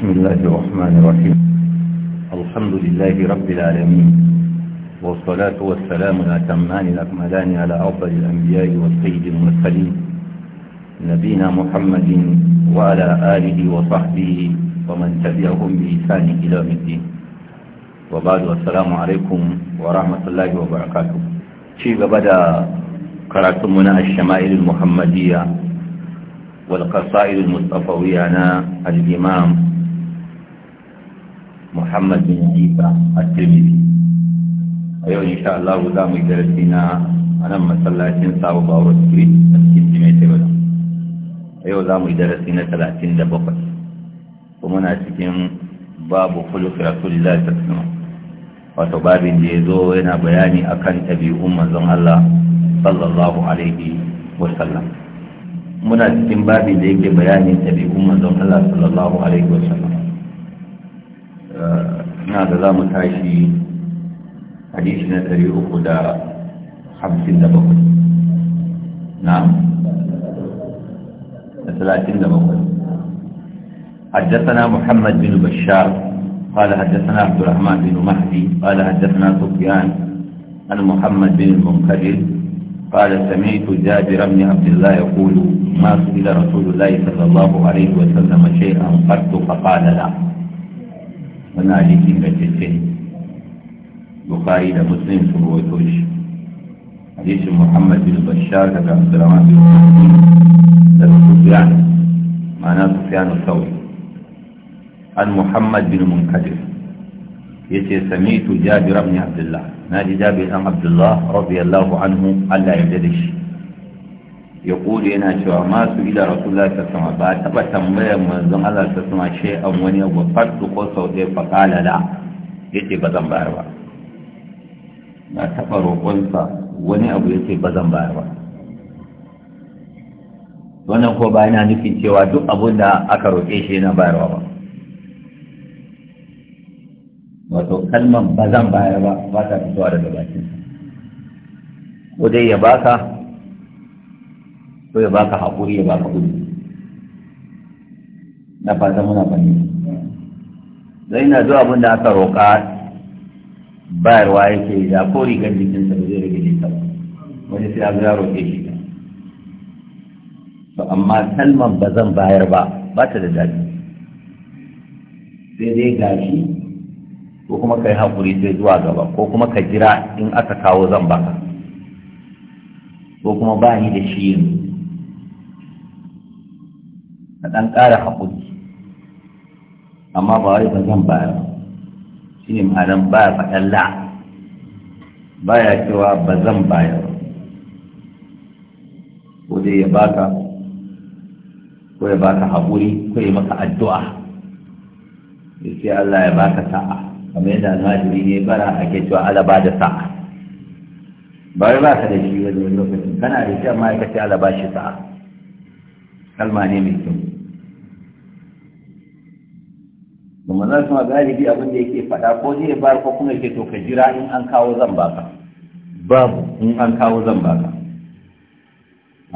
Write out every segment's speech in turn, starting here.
بسم الله الرحمن الرحيم الحمد لله رب العالمين والصلاة والسلام الأتمان الأكملان على أفضل الأنبياء والسيد المرسلين نبينا محمد وعلى آله وصحبه ومن تبعهم بإحسان إلى الدين وبعد السلام عليكم ورحمة الله وبركاته شيء بدأ قرأتمنا الشمائل المحمدية والقصائد المصطفوية أنا الإمام muhammad bin isa a tirmidhi a yau insha Allah za mu yi darasi na anan masallacin sabu bawar street a cikin jimai tebala a yau za mu yi darasi na talatin da bakwai kuma na cikin babu kuluk rasulillah ta suna wato babin da ya zo yana bayani akan tabi'un manzon Allah sallallahu alaihi wa sallam. muna cikin babin da yake bayani tabi'un manzon Allah sallallahu alaihi wa sallam. na da za mu tashi hadisi na ɗari uku da hamsin حدثنا محمد بن بشار قال حدثنا عبد الرحمن بن مهدي قال حدثنا سفيان عن محمد بن المنكدر قال سمعت جابر بن عبد الله يقول ما سئل رسول الله صلى الله عليه وسلم شيئا قط فقال لا wannan ga ingantacce bukari da muslim sun rawaito shi hadisin muhammad bin bashar daga abdurrahman bin daga sufyan ma'ana sufyan sauri an muhammad bin munkadir yace sami'tu jabir ibn abdullah naji jabir ibn abdullah radiyallahu anhu Allah ya yarda shi ya kudu yana cewa masu ila rasulullah ta sama ba taba tambayar manzon Allah ta sama shi an wani abu fardu ko sau ɗaya faƙala da ya ba zan bayar ba na taɓa roƙonsa wani abu ya ba zan bayar ba wannan ko ba yana nufin cewa duk abun da aka roƙe shi yana bayarwa ba wato kalman ba zan bayar ba ba ta fitowa daga bakin ko dai ya baka so ya baka haƙuri ya baka gudu na fata muna fahimta zai na zuwa abin da aka roƙa bayarwa yake da ko rigar jikin ba zai rage ne ba wani sai abu ya roƙe shi to amma salman ba zan bayar ba ba ta da daɗi sai dai gashi ko kuma kai haƙuri sai zuwa gaba ko kuma ka jira in aka kawo zan baka ko kuma ba ni da shi yanzu na ɗan ƙara haƙuri amma ba wai ba zan bayar shi ne ma'anar ba faɗan la ba ya cewa ba zan bayar ko dai ya baka ko ya baka haƙuri ko ya maka addu'a ya ce Allah ya baka sa'a kamar yadda almajiri ne bara ake cewa ala ba da sa'a ba wai ba ka da shi wani lokacin kana da shi amma ya kace ala ba shi sa'a kalma ne mai kyau da manzan sama galibi abin yake faɗa ko zai bar ko kuma yake to ka jira in an kawo zan baka babu in an kawo zan baka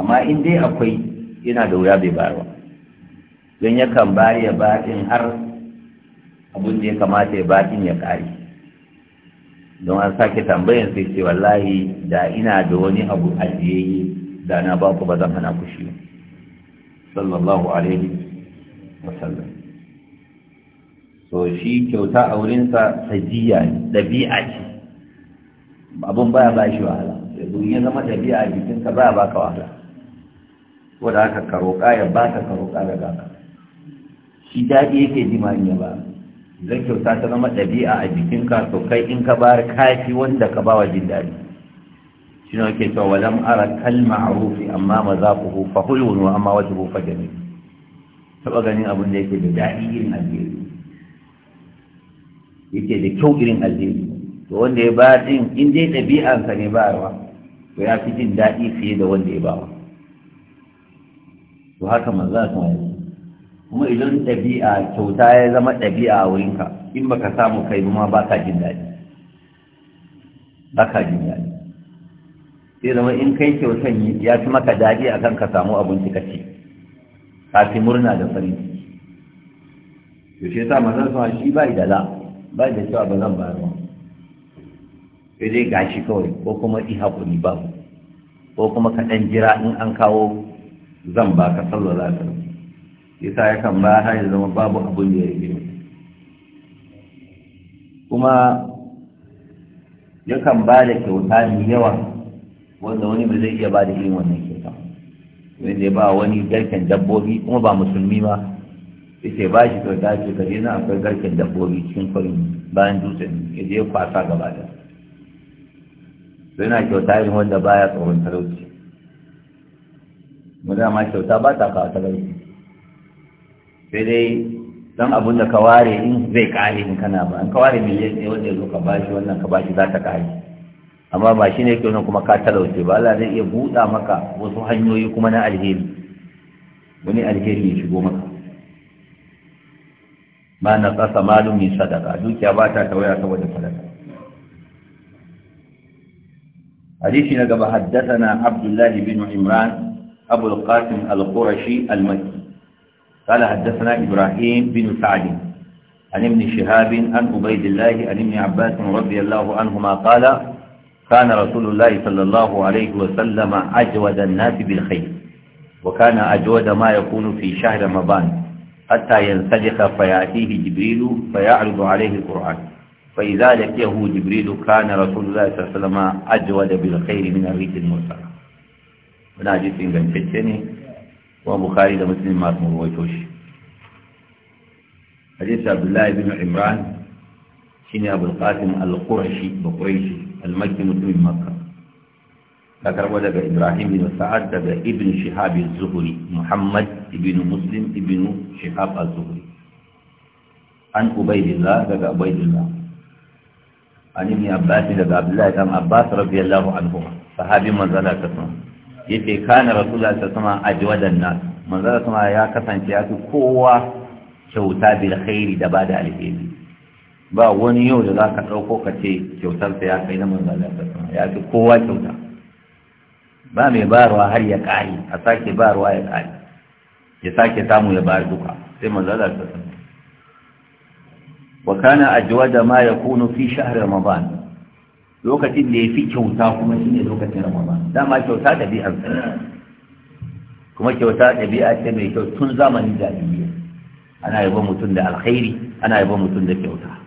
amma in dai akwai yana da wuya bai ba don yakan bari ya ba in har abin da ya kamata ya baɗin ya ƙare don an sake tambayan sai ce wallahi da ina da wani abu ajiyayye da na ba ku ba zan hana ku shi ba sallallahu alaihi wasallam so shi kyauta a wurinsa sajiya ne ɗabi'a ce abin baya ba shi wahala yanzu ya zama ɗabi'a a jikinka baya ba ka wahala ko da haka ka roƙa ya ba ka ka roƙa da ka. shi daɗi yake ji ma ya ba zan kyauta ta zama ɗabi'a a jikinka to kai in ka bayar kafi wanda ka ba wa jin daɗi shi ne ake cewa walam ara kal ma'rufi amma mazaquhu fa hulun wa amma wajhu fa jamil taba ganin abin da yake da dadi irin alheri yake da kyau irin alheri to wanda ya ba din in dai ɗabi'ansa ne ba wa to ya fi jin daɗi fiye da wanda ya ba wa to haka maza ta yi kuma idan ɗabi'a kyauta ya zama ɗabi'a a wurinka in baka samu kai ma ba ka jin daɗi ba ka jin daɗi sai zama in kai kyautan ya fi maka daɗi akan ka samu abinci ka ci ka fi murna da farin ciki to shi yasa manzon sa shi bai da la bai da cewa ba zan ba ba sai dai gashi kawai ko kuma i hakuri ba ko kuma ka dan jira in an kawo zan ba ka sallallahu alaihi sa ya yakan ba har ya zama babu abun da ya rike kuma yakan ba da kyauta mai yawa wanda wani ba zai iya ba da irin wannan kyauta wanda ya ba wani garken dabbobi kuma ba musulmi ba yace ba shi kyauta ce ka zina akwai garken dabbobi cikin kwarin bayan dutsen ya je kwasa gaba da yana kyauta irin wanda ba ya tsoron talauci mu ma kyauta ba ta kawo talauci sai dai dan abin da ka ware in zai kare in kana ba in ka ware miliyan ne wanda ya zo ka bashi wannan ka bashi za ta kare amma ba shi ne yake wannan kuma ka talauce ba Allah zai iya buɗa maka wasu hanyoyi kuma na alheri wani alheri ya shigo maka ma na kasa malum min sadaka dukiya ba ta tawaya saboda sadaka hadisi na gaba haddathana abdullahi bin imran abu al-qasim al-qurashi al-makki قال حدثنا إبراهيم بن سعد عن ابن شهاب عن عبيد الله عن ابن عباس رضي الله عنهما قال كان رسول الله صلى الله عليه وسلم أجود الناس بالخير وكان أجود ما يكون في شهر رمضان حتى ينسلخ فيأتيه جبريل فيعرض عليه القرآن فإذا لقيه جبريل كان رسول الله صلى الله عليه وسلم أجود بالخير من الريح المرسلة wani hadisin gancacce ne kuma bukari da musulmi masu ruwaito shi hadisi abdullahi bin imran shi ne abulkasim al-qurashi ba quraishi almakki mutumin makka ta karbo daga ibrahim bin sa'ad daga ibn shihab zuhri muhammad ibn muslim ibn shihab zuhri an ubaydillah daga ubaydillah an ibn abbas daga abdullah ibn abbas radiyallahu anhu sahabi manzala ta sama yace kana rasulullah sallallahu alaihi wasallam ajwadan nas manzala sama ya kasance ya fi kowa kyauta bil khairi da alheri ba wani yau da za ka ɗauko ka ce kyautarsa ya kai na sassan ya fi kowa kyauta ba mai barwa har ya ƙari a sake barwa ya ƙari ya sake samu ya bayar duka sai manzannin sassan sama wa kana ajiwa da ma ya kuno fi shahar ramadan lokacin da ya fi kyauta kuma shi ne lokacin ramadan dama kyauta ɗabi'ar kuma kyauta ɗabi'a ce mai kyau tun zamanin jahiliya ana yaba mutum da alkhairi ana yaba mutum da kyauta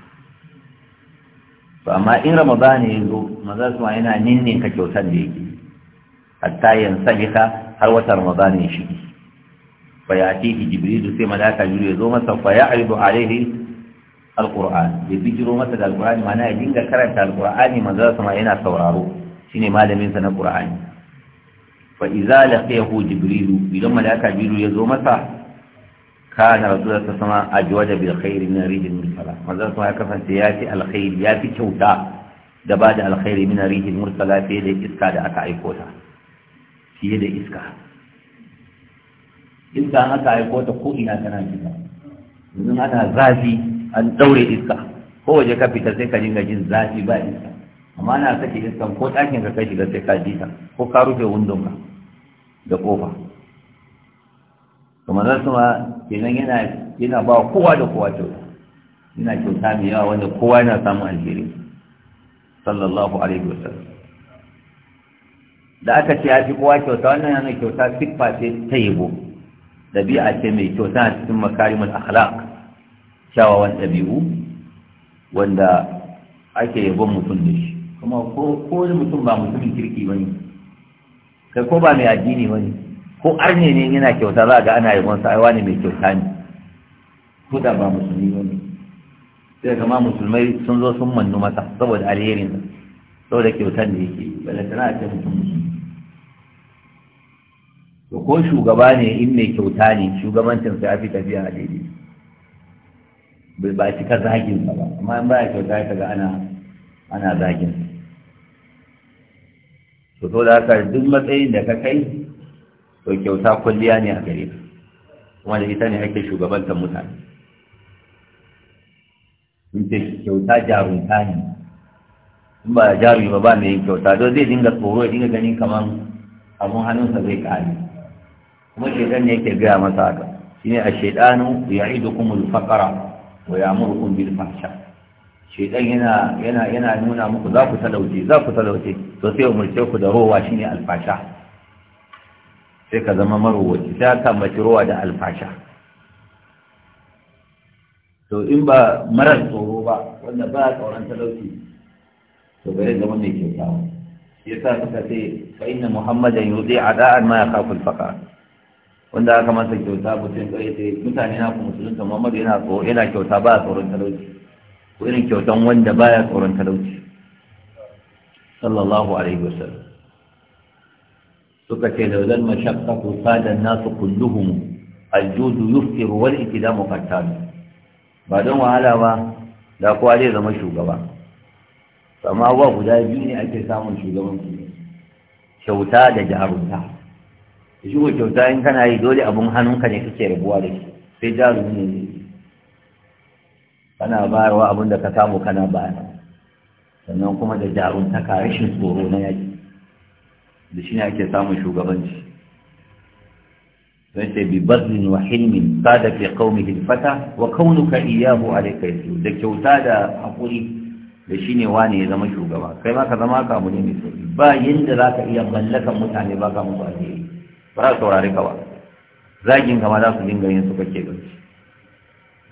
to amma in ramadan ya zo maza su ma yana ka kyautar da yake hatta yan sabita har wata ramadan ya shige fa ti jibril sai malaka jibril ya zo masa fa ya'ridu alaihi alquran ya bijiro masa da alqurani mana ya dinga karanta alqurani maza su ma yana sauraro shine malamin sa na qur'ani fa idza laqiyahu jibril idan malaka jibril ya zo masa kana rasulullahi sallallahu alaihi wasallam ajwaja bil khair min rihil mursala manzon sa ya kafanta ya fi al khair ya ci kyauta da ba da al khair min rihil mursala fi da iska da aka aiko ta fi da iska iska aka aiko ta ko ina tana jiya yanzu ana zafi an daure iska ko waje ka fita sai ka dinga jin zafi ba iska amma ana saki iska ko dakin ka kai sai ka ji ta ko ka rufe windon ka da kofa kuma zan kenan yana yana ba kowa da kowa kyauta yana kyauta mai yawa wanda kowa yana samun alheri sallallahu alaihi wasallam da aka ce ya fi kowa kyauta wannan yana kyauta siffa ce ta yabo ɗabi'a ce mai kyauta a cikin makarimul akhlaq kyawawan dabi'u wanda ake yabon mutum da shi kuma ko wani mutum ba mutumin kirki ba ne kai ko ba mai addini ba ne ko arne ne yana kyauta za ga ana yawan wansa aiwa ne mai kyauta ne ko da ba musulmi ba ne sai kama musulmai sun zo sun mannu masa saboda alherin saboda kyautan da yake bala tana a cikin mutum to ko shugaba ne in mai kyauta ne shugabancin sai fi tafiya a daidai bai ba cika zagin ba amma in baya kyauta ya kaga ana ana zagin to to da haka duk matsayin da ka kai to kyauta kulliya ne a gare ta kuma da ita ne ake shugabantar mutane in ce kyauta jarunta ne in ba jarumi ba ba mai yin kyauta don zai dinga tsoro ya dinga ganin kamar abun hannunsa zai kare kuma shaidan ne yake gaya masa haka Shi ne a shaidanu ya da kuma alfaqara wa ya rukun bil fahsha shaidan yana yana yana nuna muku za ku talauce za ku talauce to sai umarce ku da rowa shine alfasha sai ka zama marowaci sai ka mace rowa da alfasha to in ba marar tsoro ba wanda ba a tsoron talauci to bai zama mai kyautawa ya sa suka ce fa inna muhammadan yuzi ada'an ma yakafu al wanda aka masa kyauta mutum kai sai mutane na ku musulunta muhammad yana tsoro yana kyauta ba a tsoron talauci ko irin kyautan wanda baya tsoron talauci sallallahu alaihi wasallam suka ce laulal ko sadan nasu kulluhum aljudu yufkiru wal ikidamu qattalu ba don wahala ba da kowa zai zama shugaba amma ba guda biyu ne ake samun shugaban kyauta da jarumta shi ko kyauta in kana yi dole abun hannunka ne kake rabuwa da shi sai jarumi ne kana bayarwa abin da ka samu kana bayar. sannan kuma da ka rashin tsoro na yaki da shi ne ake samun shugabanci don sai bi bazin wa hilmin sada fi qaumi hilfata wa kaunuka iyahu rikai su da kyauta da hakuri da shi ne wane ya zama shugaba kai ma ka zama ka mu ne mai sauri ba yadda za ka iya mallakan mutane ba ka musu alheri ba za ka saurari ka ba zagin ka ma za su dinga yin suka ke gaci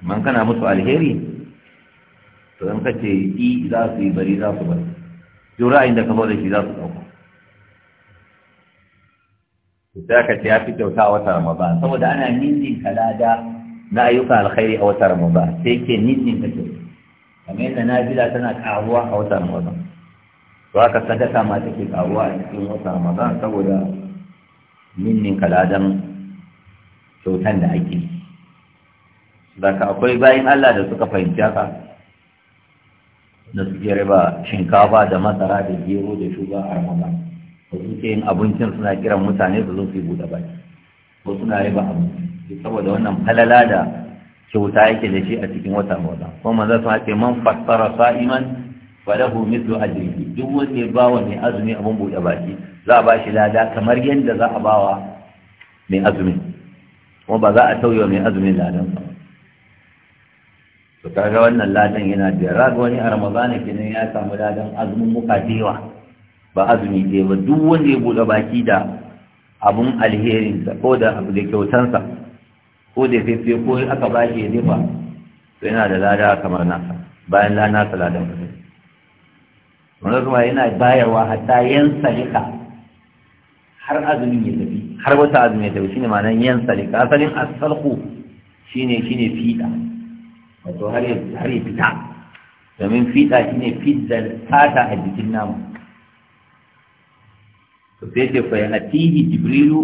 man kana musu alheri to don ka ce i za su yi bari za su bari duk ra'ayin da ka da shi za su ɗauka sai aka ce ya fi kyauta a watan Ramadan saboda ana ninjin kalada na ayyukan alkhairi a watan Ramadan sai ke ninjin ta kyauta kamar yadda jira tana karuwa a watan Ramadan to aka sadaka ma take karuwa a cikin watan Ramadan saboda ninjin kaladan kyautan da ake daga akwai bayan Allah da suka fahimci haka da suke riba shinkafa da masara da gero da shuga a ramadan da suke yin abincin suna kiran mutane su zo su yi buɗe baki ko suna riba abinci saboda wannan halala da kyauta yake da shi a cikin watan wata ko manzo sun ce man fassara sa'iman fa lahu mithlu ajrihi duk wanda ya bawa mai azumi abin buɗe baki za a ba shi lada kamar yadda za a bawa mai azumi kuma ba za a tauye mai azumin ladan ba to kaga wannan ladan yana da ga wani a ramadana kenan ya samu ladan azumin muka da yawa ba azumi ɗaya ba duk wanda ya buɗe baki da abun alherinsa ko da abu da kyautansa ko da fefe ko aka ba shi ya dafa to yana da lada kamar nasa bayan lana saladan mutum wanda kuma yana bayarwa hatta yan salika har azumin ya tafi har wata azumin ya tafi shine ma'anar yan salika asalin asalku shine shine fiɗa wato har ya fita domin fiɗa shine fidda fata a jikin nama to sai ce fa yatihi jibrilu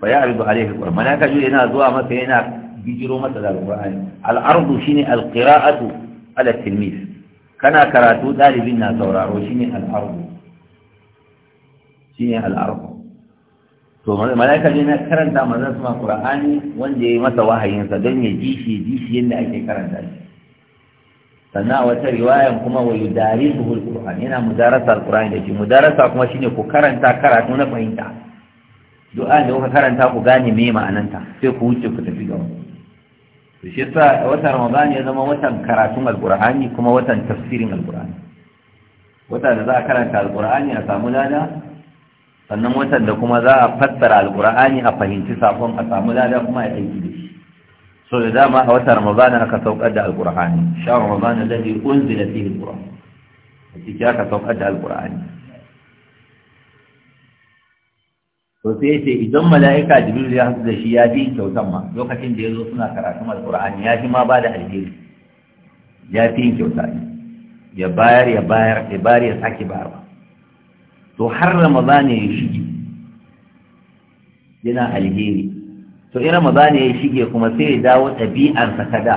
fa ya'ridu alayhi alquran malaka jibril yana zuwa masa yana bijiro masa da alqur'ani al-ardu shine al-qira'atu ala tilmis kana karatu dalibin na sauraro shine al-ardu shine al-ardu to malaka ne na karanta manzon sama qur'ani wanda yayi masa wahayinsa don ya ji shi ji shi yadda ake karanta shi sannan a wata riwayan kuma wa yudarisuhu alquran yana mudarasa alquran da shi mudarasa kuma shine ku karanta karatu na fahimta du'a da kuka karanta ku gane me ma'ananta sai ku wuce ku tafi gaba to shi yasa wata ramadan ya zama watan karatun alqurani kuma watan tafsirin alqurani wata da za a karanta alqurani a samu lada sannan watan da kuma za a fassara alqurani a fahimci sakon a samu lada kuma a aiki so da dama a wata ramadana aka saukar da alkur'ani sha ramadana lalli unzila fihi alkur'ani a ciki aka saukar da alkur'ani so sai ce idan mala'ika jibril ya hasu da shi ya fi kyautan ma lokacin da ya zo suna karatun alkur'ani ya fi ma ba da alheri ya fi kyauta ne ya bayar ya bayar ya bayar ya sake bayar to har ramadana ya shige yana alheri to in ramadan ya shige kuma sai ya dawo ɗabi'arsa ka da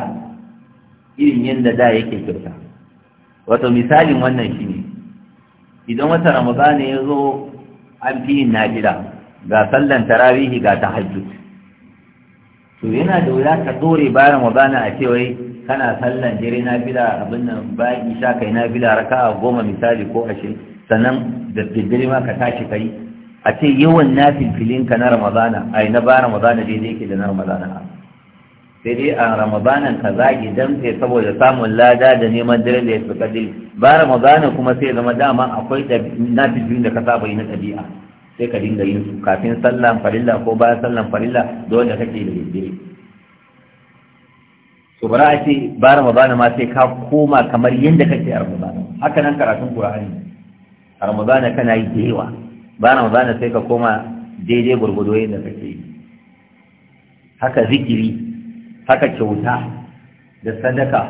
irin yadda da yake kyauta wato misalin wannan shine idan wata ramadan ya zo an fi yin nafila ga sallan tarawihi ga ta tahajjud to yana da wuya ka dore bayan ramadan a ce wai kana sallan jere nafila abin nan bayan isha kai nafila raka'a goma misali ko ashirin sannan da daddare ma ka tashi kai a ce yawan nafilfilin ka na ramadana ai na ba ramadana daidai ke da na ramadana sai dai a Ramadana ka zagi dan sai saboda samun lada da neman dare da ya fi kadil ba ramadana kuma sai zama dama akwai nafilfilin da ka saba yi na ɗabi'a sai ka dinga yin su kafin sallan farilla ko bayan sallan farilla da wanda kake da daidai to bara a ce ba ramadana ma sai ka koma kamar yadda kake a ramadana haka nan karatun qur'ani a ramadana kana yi da yawa ba ramadana sai ka koma daidai gurgudo yadda kake yi haka zikiri haka kyauta da sadaka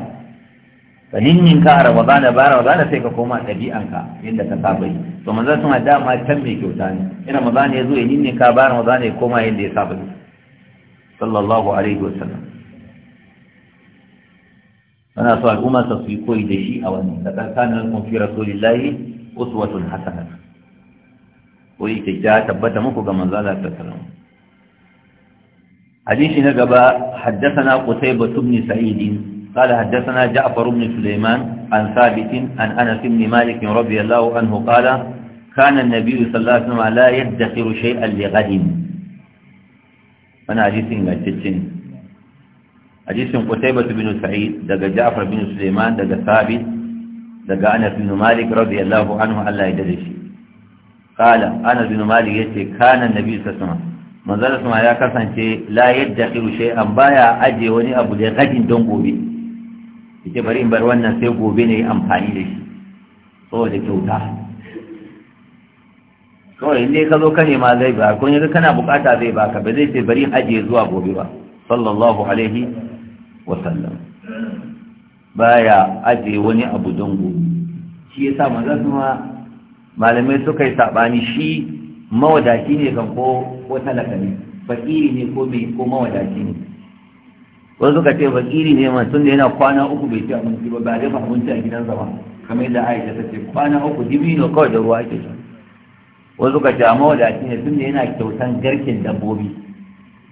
ka ka a ramadana ba ramadana sai ka koma ɗabi'anka yadda ka saba yi to manzo sun hada ma can mai kyauta ne ina ramadana ya zo ya ninninka ba ramadana ya koma yadda ya saba yi sallallahu alaihi wasallam ana so al'umma ta su yi koyi da shi a wannan da kan kanin kun fi rasulillahi uswatun hasanah wai ta ta tabbata muku ga manzo Allah sallallahu alaihi na gaba haddathana ibn sa'id قال حدثنا جعفر بن سليمان عن ثابت عن أنس بن مالك رضي الله عنه قال كان النبي صلى الله عليه وسلم لا يدخر شيئا لغد أنا حديث غتتين حديث قتيبة بن سعيد دقى جعفر بن سليمان دقى ثابت دقى أنس بن مالك رضي الله عنه ألا يدري kala ana bin malik yace kana nabi sallallahu manzon sama ya kasance la kirushe shay'an baya aje wani abu da gadin don gobe Ita bari in bar wannan sai gobe ne amfani da shi saboda kyauta kawai inda ka zo ka nema zai ba kun yanzu kana bukata zai baka ba zai ce bari aje zuwa gobe ba sallallahu alaihi wa sallam baya aje wani abu don gobe shi yasa manzon sama malamai suka yi saɓani shi mawadaci ne kan ko talaka ne fakiri ne ko mai ko mawadaci ne wasu suka ce fakiri ne ma tun da yana kwana uku bai ci abinci ba ba dafa abinci a gidan zama kamar yadda aisha ta ce kwana uku dibino kawai da ruwa ake shan wasu suka ce a mawadaci ne tun da yana kyautan garkin dabbobi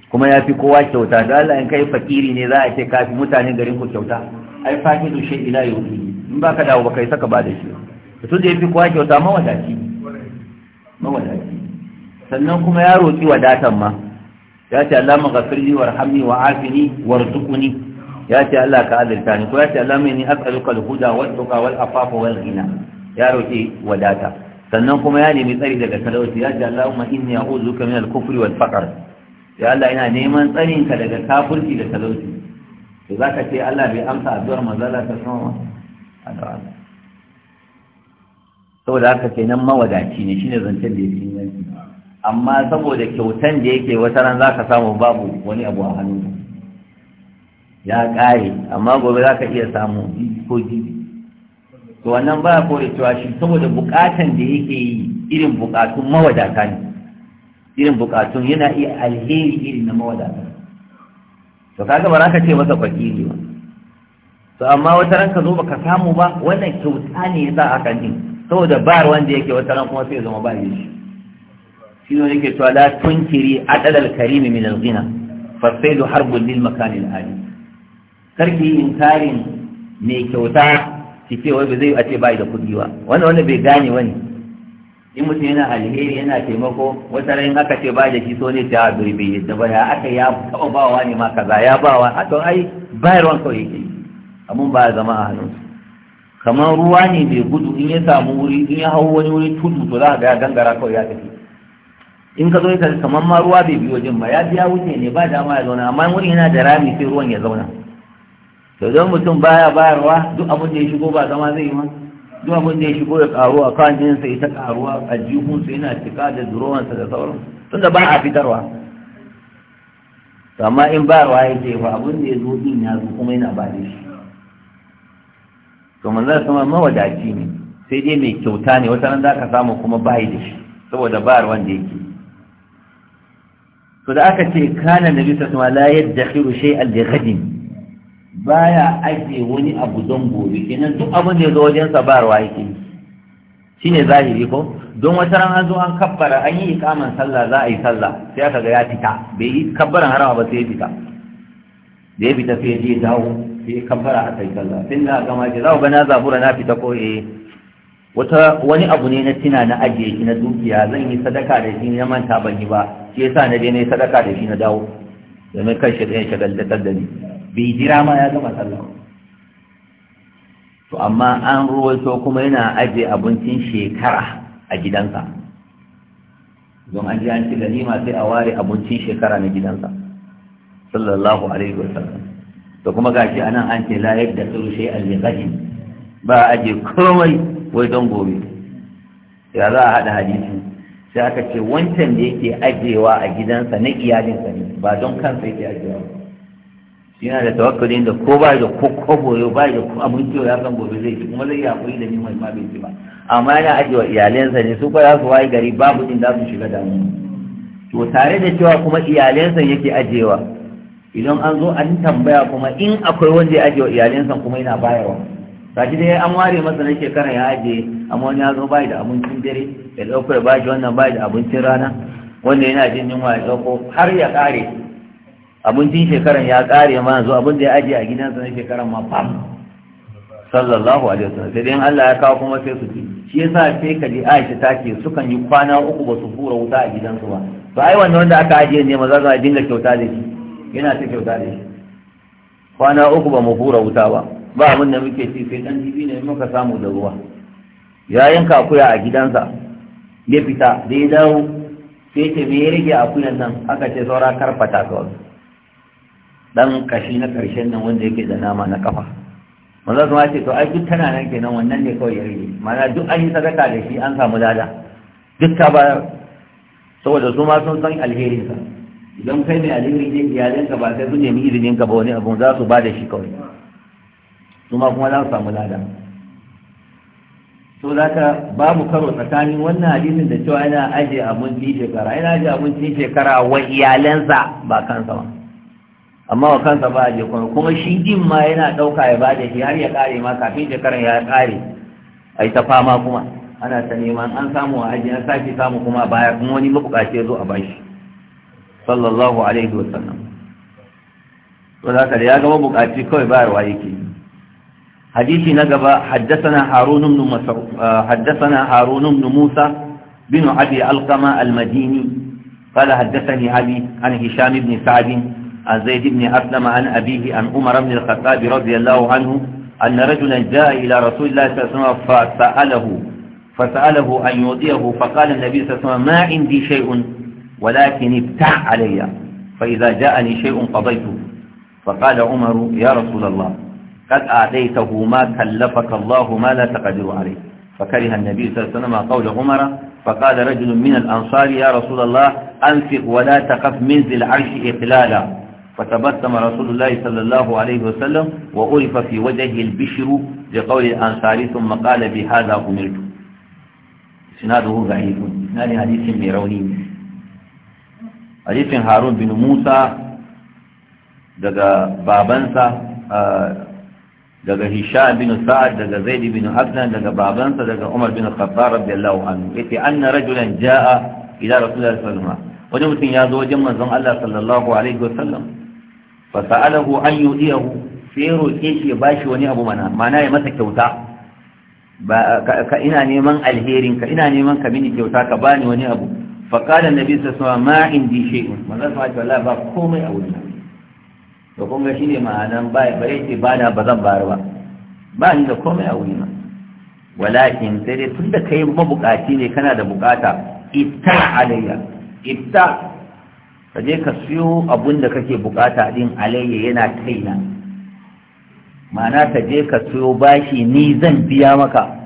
kuma ya fi kowa kyauta da Allah in kai fakiri ne za a ce kafi mutanen garin ku kyauta ai fakidu shi ila yau in baka dawo ba kai saka ba da shi ba. mutum da ya fi kowa kyauta mawadaci mawadaci sannan kuma ya roƙi wadatan ma ya ce Allah wa afini wa warzuqni ya ce Allah ka azurta ni ko ya ce Allah mai ni as'aluka al-huda wal tuqa wal afafa wal ghina ya roƙi wadata sannan kuma ya nemi tsari daga talauci ya ce ma inni a'udhuka min al-kufri wal faqr ya Allah ina neman tsarin ka daga kafirci da talauci to zaka ce Allah bai amsa addu'ar manzala ta sama Allah saboda haka kenan mawadaci ne shine zancen da yake yanki amma saboda kyautan da yake wata ran ka samu babu wani abu a hannu ya kare amma gobe za ka iya samu ko jibi to wannan ba kore cewa shi saboda buƙatan da yake yi irin bukatun mawadata ne irin bukatun yana iya alheri irin na mawadata to kaga ba za ka ce masa fakiri ba to amma wata ran ka zo ka samu ba wannan kyauta ne ya sa kan din saboda bayar wanda yake wata ran kuma sai zama ba shi shi ne yake cewa la tunkiri adalal karimi min al-ghina fa saydu harbun lil makan al-ali karki inkarin mai kyauta ki ce wai ba zai ace bai da kuɗi ba wannan wanda bai gane wani in mutum yana alheri yana taimako wata ran aka ce ba da shi so ne ta ah, bai da yadda ba aka ya taɓa bawa ne ma kaza ya bawa a to ai bayarwan kawai yake amma ba zama a hannunsu kamar ruwa ne mai gudu in ya samu wuri in ya hau wani wuri tudu to za a ga ya gangara kawai ya tafi in ka zo ka kamar ma ruwa bai bi wajen ba ya biya wuce ne ba dama ya zauna amma wurin yana da rami sai ruwan ya zauna to don mutum baya bayarwa duk abin da ya shigo ba zama zai yi ma duk abin da ya shigo ya karuwa kan jinsa ita karuwa a jihunsa yana cika da durowansa da sauran tunda ba a fitarwa amma in bayarwa ya ce ba abin da ya zo din ya zo kuma yana ba da shi to manzon sama mawadaci ne sai dai mai kyauta ne wata nan za ka samu kuma bayi da shi saboda bayar wanda yake to da aka ce kana nabi sallallahu alaihi wasallam la yadkhiru shay'an li ghadin baya aje wani abu don gobe kenan duk abin da ya zo wajen sa bayarwa yake shine zahiri ko don wata ran an zo an kabbara an yi ikaman sallah za a yi sallah sai aka ga ya fita bai yi kabbaran harama ba sai ya fita da ya fita sai ya je dawo sai kafara aka yi sallah tun da gama ce za ku na zabura na fita ko eh wata wani abu ne na tina na ajiye shi na dukiya zan yi sadaka da shi na manta ban yi ba shi yasa na je na yi sadaka da shi na dawo domin kan shi ɗayan shagal da ni bai jira ma ya gama sallah to amma an ruwaito kuma yana ajiye abincin shekara a gidansa don an ji an ci ganima sai a ware abincin shekara na gidansa sallallahu alaihi wasallam to kuma gashi anan an ce la yadda su shi al ba a je komai wai don gobe ya za a haɗa hadisi sai aka ce wancan da yake ajewa a gidansa na iyalinsa ne ba don kansa yake ajewa yana da tawakkalin da ko ba da ko kobo yau ba da ko ciwo ya san gobe zai ci kuma zai yi hakuri da neman ma bai ci ba amma yana ajewa iyalinsa ne su kuma za su waye gari babu inda za su shiga damuwa. to tare da cewa kuma iyalinsa yake ajewa idan an zo an tambaya kuma in akwai wanda ya ajiye wa iyalinsa kuma yana bayarwa gashi dai an ware masa na shekara ya ajiye amma wani ya zo bai da abincin dare ya ɗauko ya bashi wannan bai da abincin rana wanda yana jin yunwa ya ɗauko har ya ƙare abincin shekaran ya ƙare ma zo abin da ya ajiye a gidansa na shekaran ma fam sallallahu alaihi wasallam sai dai Allah ya kawo kuma sai su ci shi yasa sai ka Aisha ta ce sukan yi kwana uku ba su hura wuta a gidansu ba to ai wannan wanda aka ajiye ne maza za a dinga kyauta da shi yana ta kyauta da kwana uku ba mu hura wuta ba ba mun da muke ci sai dan dibi ne muka samu da ruwa ya yanka akuya a gidansa ya fita da ya dawo sai ce me ya rage akuyan nan aka ce saura karfata wasu dan kashi na karshen nan wanda yake da nama na kafa manzo kuma ce to ai duk tana nan kenan wannan ne kawai ya rage mana duk an yi sadaka da shi an samu lada duk ta bayar saboda su ma sun san alherinsa idan kai mai alheri iyalin ka ba sai su nemi izinin ka ba wani abu za su ba da shi kawai su ma kuma za su samu lada to za ka babu karo tsakanin wannan hadisin da cewa yana ajiye abinci shekara yana ajiye abinci shekara wa iyalansa ba kansa ba amma wa kansa ba je kuma kuma shi din ma yana ɗauka ya bada shi har ya ƙare ma kafin shekaran ya ƙare a yi ta fama kuma ana ta neman an samu a ajiye an sake samu kuma baya kuma wani mabukaci ya zo a bashi صلى الله عليه وسلم وذلك لياغا وبقاتي كوي بارواييكي حديثي نقبا حدثنا هارون بن حدثنا هارون بن موسى بن ابي القما المديني قال حدثني ابي عن هشام بن سعد عن زيد بن أسلم عن أبيه عن عمر بن الخطاب رضي الله عنه أن رجلا جاء إلى رسول الله صلى الله عليه وسلم فسأله فسأله أن يوديه فقال النبي صلى الله عليه وسلم ما عندي شيء ولكن ابتع علي فإذا جاءني شيء قضيته فقال عمر يا رسول الله قد أعطيته ما كلفك الله ما لا تقدر عليه فكره النبي صلى الله عليه وسلم قول عمر فقال رجل من الأنصار يا رسول الله أنفق ولا تخف من ذي العرش إقلالا فتبسم رسول الله صلى الله عليه وسلم وألف في وجهه البشر لقول الأنصار ثم قال بهذا أمرت إسناده ضعيف إسناد حديث ميروني hadisin harun bin musa daga babansa daga hisham bin sa'ad daga zaid bin aslan daga babansa daga umar bin khattab radiyallahu anhu yace anna rajulan jaa ila rasulullahi sallallahu alaihi wasallam wani mutum ya zo wajen manzon Allah sallallahu alaihi wasallam fa sa'alahu an yudiyahu sai roƙe bashi wani abu mana mana ya masa kyauta ka ina neman alherin ka ina neman ka mini kyauta ka bani wani abu faƙada na bisa sama ma indi shehu manzan sama ce wala ba komai a wuri to kun ga shi ne ma'anan ba ya bare ce ba ba zan bayar ba ba ni da komai a wuri na walakin sai dai tun da kai mabukaci ne kana da bukata ita alayya ita ka je ka siyo abun da kake bukata din alayya yana kaina ma'ana ka je ka siyo bashi ni zan biya maka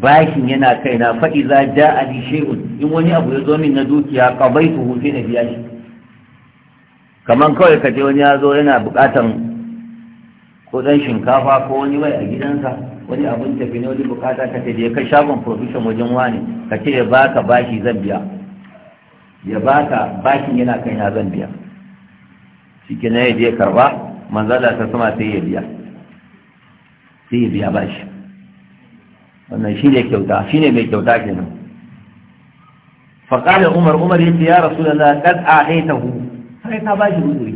bashin yana kaina fa za ja'a li shay'un in wani abu ya zo min na dukiya su hufi na biya shi kamar kawai ka je wani ya zo yana bukatan ko dan shinkafa ko wani mai a gidansa wani abun tafi ne wani bukata ka je ka shagon provision wajen wani ka ce ya baka bashi zan biya ya baka bashin yana kaina zan biya na ya je karba manzala ta sama sai ya biya sai ya biya bashi wannan shi ne kyauta shi ne mai kyauta ke nan? faƙalin umar umar ya ya rasu da zaƙar a hu. sai ka ba shi uzuri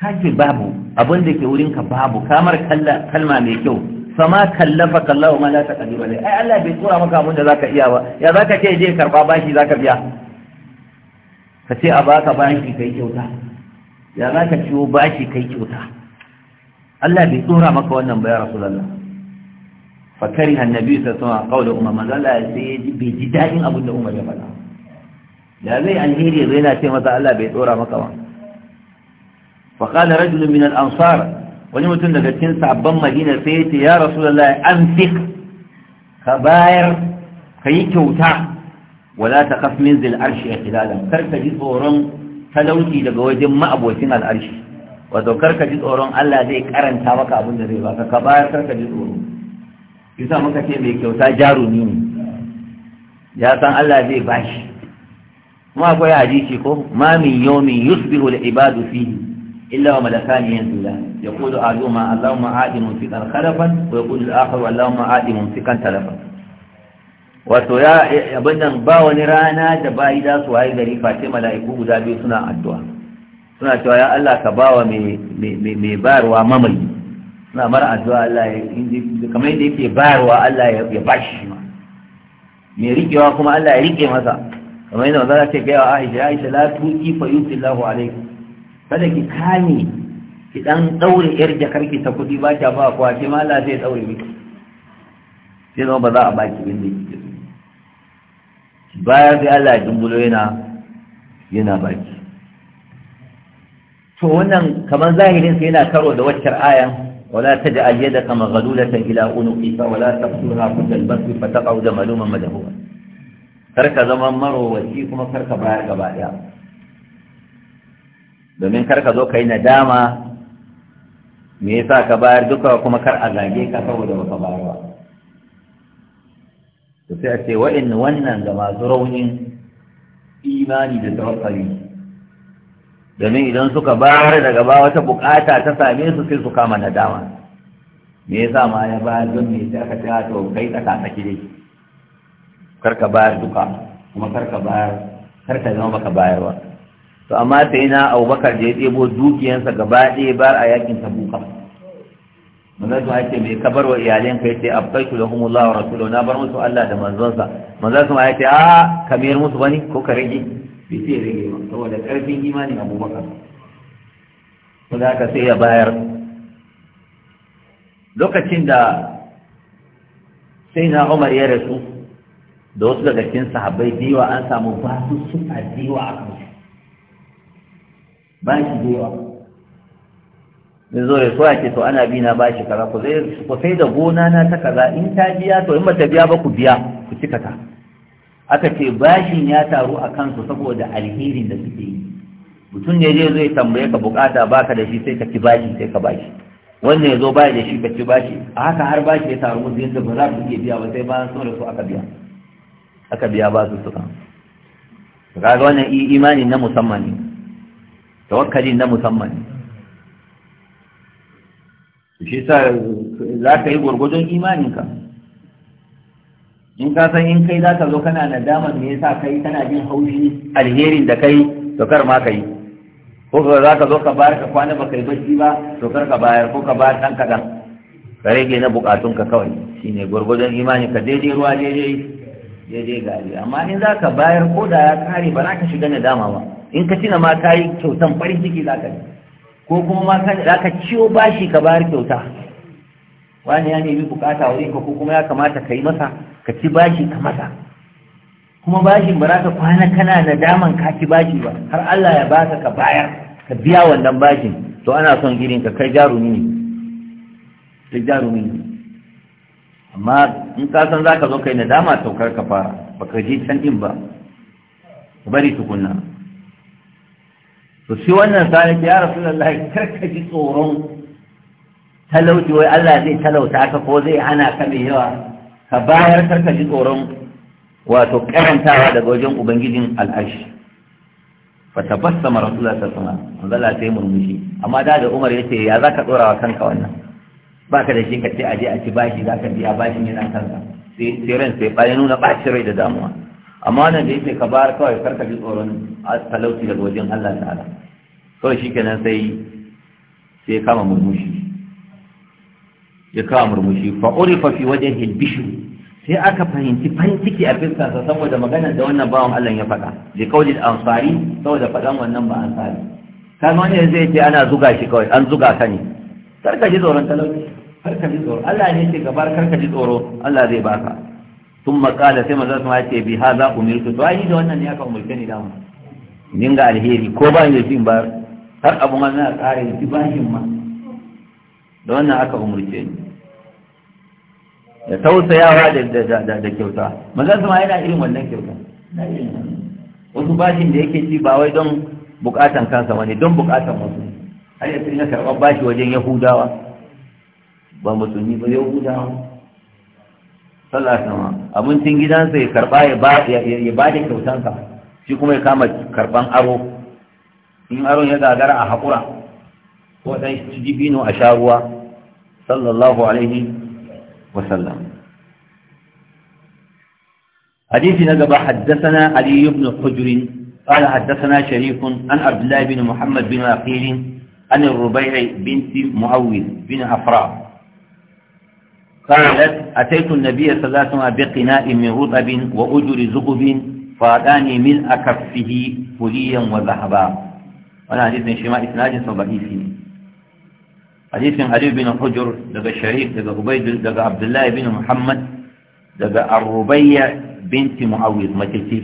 ka ce babu abin da ke wurinka babu kamar kalma mai kyau sama kallafa kallawa ma la ta kalli ba ai Allah bai tsora maka abin da zaka iya ba ya zaka ce je karba bashi zaka biya ka ce a baka bashi kai kyauta ya zaka ciwo bashi kai kyauta Allah bai tsora maka wannan ba ya rasulullah فكره النبي صلى الله عليه وسلم قول أمه قال لا يسيد بجداء أبو الله أمه جمالا لا بي أن هيري غينا تيمتا الله بيت أورا مطوى فقال رجل من الأنصار ونمتن لكتن سعبان مدينة سيد يا رسول الله أنفق خبائر كي كوتا ولا تقف من منزل عرش خلالا كرك جزء أورام تلوتي لقواج ما أبو سنة العرش وذكرك جزء أورام الله ذيك أرن تاوك أبو الله ذي كبائر كرك جزء أورام yasa muka ce mai kyauta jarumi ne ya san Allah zai bashi kuma akwai hadisi ko ma min yawmin yusbihu al-ibadu fihi illa wa malakani yanzula yaqulu aluma allahumma aati munfiqan khalafan wa yaqulu al-akhar allahumma aati munfiqan talafan wato ya abin nan ba wani rana da bayi da su waye gari face mala'iku guda biyu suna addu'a suna cewa ya Allah ka bawa mai mai mai bayarwa mamayi na mara addu'a Allah ya kamar yadda yake bayarwa Allah ya bashi shi ma mai rikewa kuma Allah ya rike masa kamar yadda maza ce gaya wa Aisha Aisha la tuki fa yutillahu alaikum kada ki kame ki dan daure yar jakar ki ta kudi ba ta ba kuwa ki ma Allah zai daure miki sai zama ba za a baki bin da kike so baya sai Allah ya dumbulo yana yana baki to wannan kamar zahirin sai yana karo da waccar ayan ولا تجعل يدك مغلولة إلى عنقك ولا تقصرها كل البسط فتقعد ملوما مدهورا كرك زمان مرو kuma كما كرك باير غبايا domin karka zo ka yi nadama me yasa ka bayar duka kuma kar a zage ka saboda baka bayar ba to sai a ce wa'in wannan ga masu raunin imani da tawakkali domin idan suka bayar da gaba wata bukata ta same su sai su kama nadama me yasa ma ya ba don me sai aka ce ah, to kai tsaka tsaki dai karka bayar duka kuma karka bayar karka zama baka bayarwa to amma sai na Abubakar da ya ɗebo dukiyansa gaba ɗaya bar a yakin buka manzo ya ce me kabar wa iyalan kai ce abbaitu lahumullahu wa rasuluhu na bar musu Allah da manzonsa manzon sun ya ce a ah, kamar musu bani ko ka rage bai sai rage ba saboda karfin imanin abubakar ko da ka sai ya bayar lokacin da sai na umar ya rasu da wasu daga cikin sahabbai diwa an samu basu suka diwa a Ba shi diwa da zo ya soya ce to ana bi na ba shi kaza ku sai da gona na ta kaza in ta biya to in ba ta biya ba ku biya ku cika ta aka ce bashin ya taru a kansu saboda alherin da suke yi mutum ne zai zai tambaye ka bukata baka da shi sai ka ci bashi sai ka bashi wanda ya zo baya da shi ka ci bashi a haka har bashi ya taru musu yadda ba za su iya biya ba sai bayan sun rasu aka biya aka biya ba su suka kaga wannan imani na musamman ne tawakkali na musamman ne shi sa za ka yi gwargwadon imaninka in ka san in kai za ka zo kana nadama me yasa kai kana jin haushi alherin da kai to kar ma kai ko ka za ka zo ka bayar ka kwana ba yi bacci ba to kar ka bayar ko ka bayar ɗan kaɗan ka rage na buƙatunka kawai shine gwargwadon imani ka daidai ruwa daidai daidai gari amma in za ka bayar ko da ya kare ba za ka shiga nadama ba in ka tuna ma ka yi kyautan farin ciki za ka ko kuma ma za ka ciwo bashi ka bayar kyauta wani ya nemi bukata wurin ka ko kuma ya kamata ka yi masa ka ci bashi ka masa kuma bashin ba za ka kwana kana na daman ka ci bashi ba har Allah ya baka ka bayar ka biya wannan bashin to ana son girin ka kai jarumi ne kai jarumi ne amma in ka san za ka zo kai nadama saukar ka fara ba ka je can din ba bari tukunna to shi wannan sani ya rasulullahi karka ji tsoron talauci wai Allah zai talauta ka ko zai hana ka mai yawa ka bayar karka ji tsoron wato karantawa daga wajen ubangijin al'ashi fa tabassama rasulullah sallallahu alaihi wasallam manzala sai murmushi amma da da umar yace ya zaka tsora wa kanka wannan baka da shi ka ce aje a ci bashi zaka biya bashin yana kanka sai sai ran sai bayan nuna bashi, rai da damuwa amma wannan da ce ka bayar kawai karka ji tsoron talauci daga wajen Allah ta'ala kawai kenan sai sai kama murmushi ya kawo murmushi fa urifa fi hilbishu sai aka fahimci farin ciki a fiskansa saboda maganar da wannan bawan Allah ya faɗa da kawai da ansari saboda faɗan wannan ba an tsari kan wani zai ce ana zuga shi kawai an zuga ka ne karka ji tsoron talauci karka ji tsoro Allah ne ce gabar karka ji tsoro Allah zai baka sun makala sai maza su ce bi ha za umirtu to ai da wannan ne aka umurce ni da mun ga alheri ko ba ni da ba har abu ma na ƙare ni ba himma da wannan aka umurce ni da tausayawa da kyauta manzan su ma yana irin wannan kyauta wasu bashin da yake ci ba wai don bukatan kansa wani don bukatan wasu har yasa ina karɓar bashi wajen yahudawa ba musulmi ba yahudawa sallah sama abincin gidansa ya karɓa ya ba da kyautansa shi kuma ya kama karɓan aro in aron ya gagara a haƙura ko ɗan dibino a sha ruwa sallallahu alaihi وسلم حديث نقبة حدثنا علي بن حجر قال حدثنا شريف عن عبد الله بن محمد بن عقيل عن الربيع بنت معوذ بن عفراء قالت أتيت النبي صلى الله عليه وسلم بقناء من رطب وأجر زقب فأداني ملء كفه فليا وذهبا وانا حديث من شماء إسناد صبعي فيه hadisin ali bin hujur daga sharif daga ubaid daga abdullahi bin muhammad daga arrubayya binti muawiz mace ce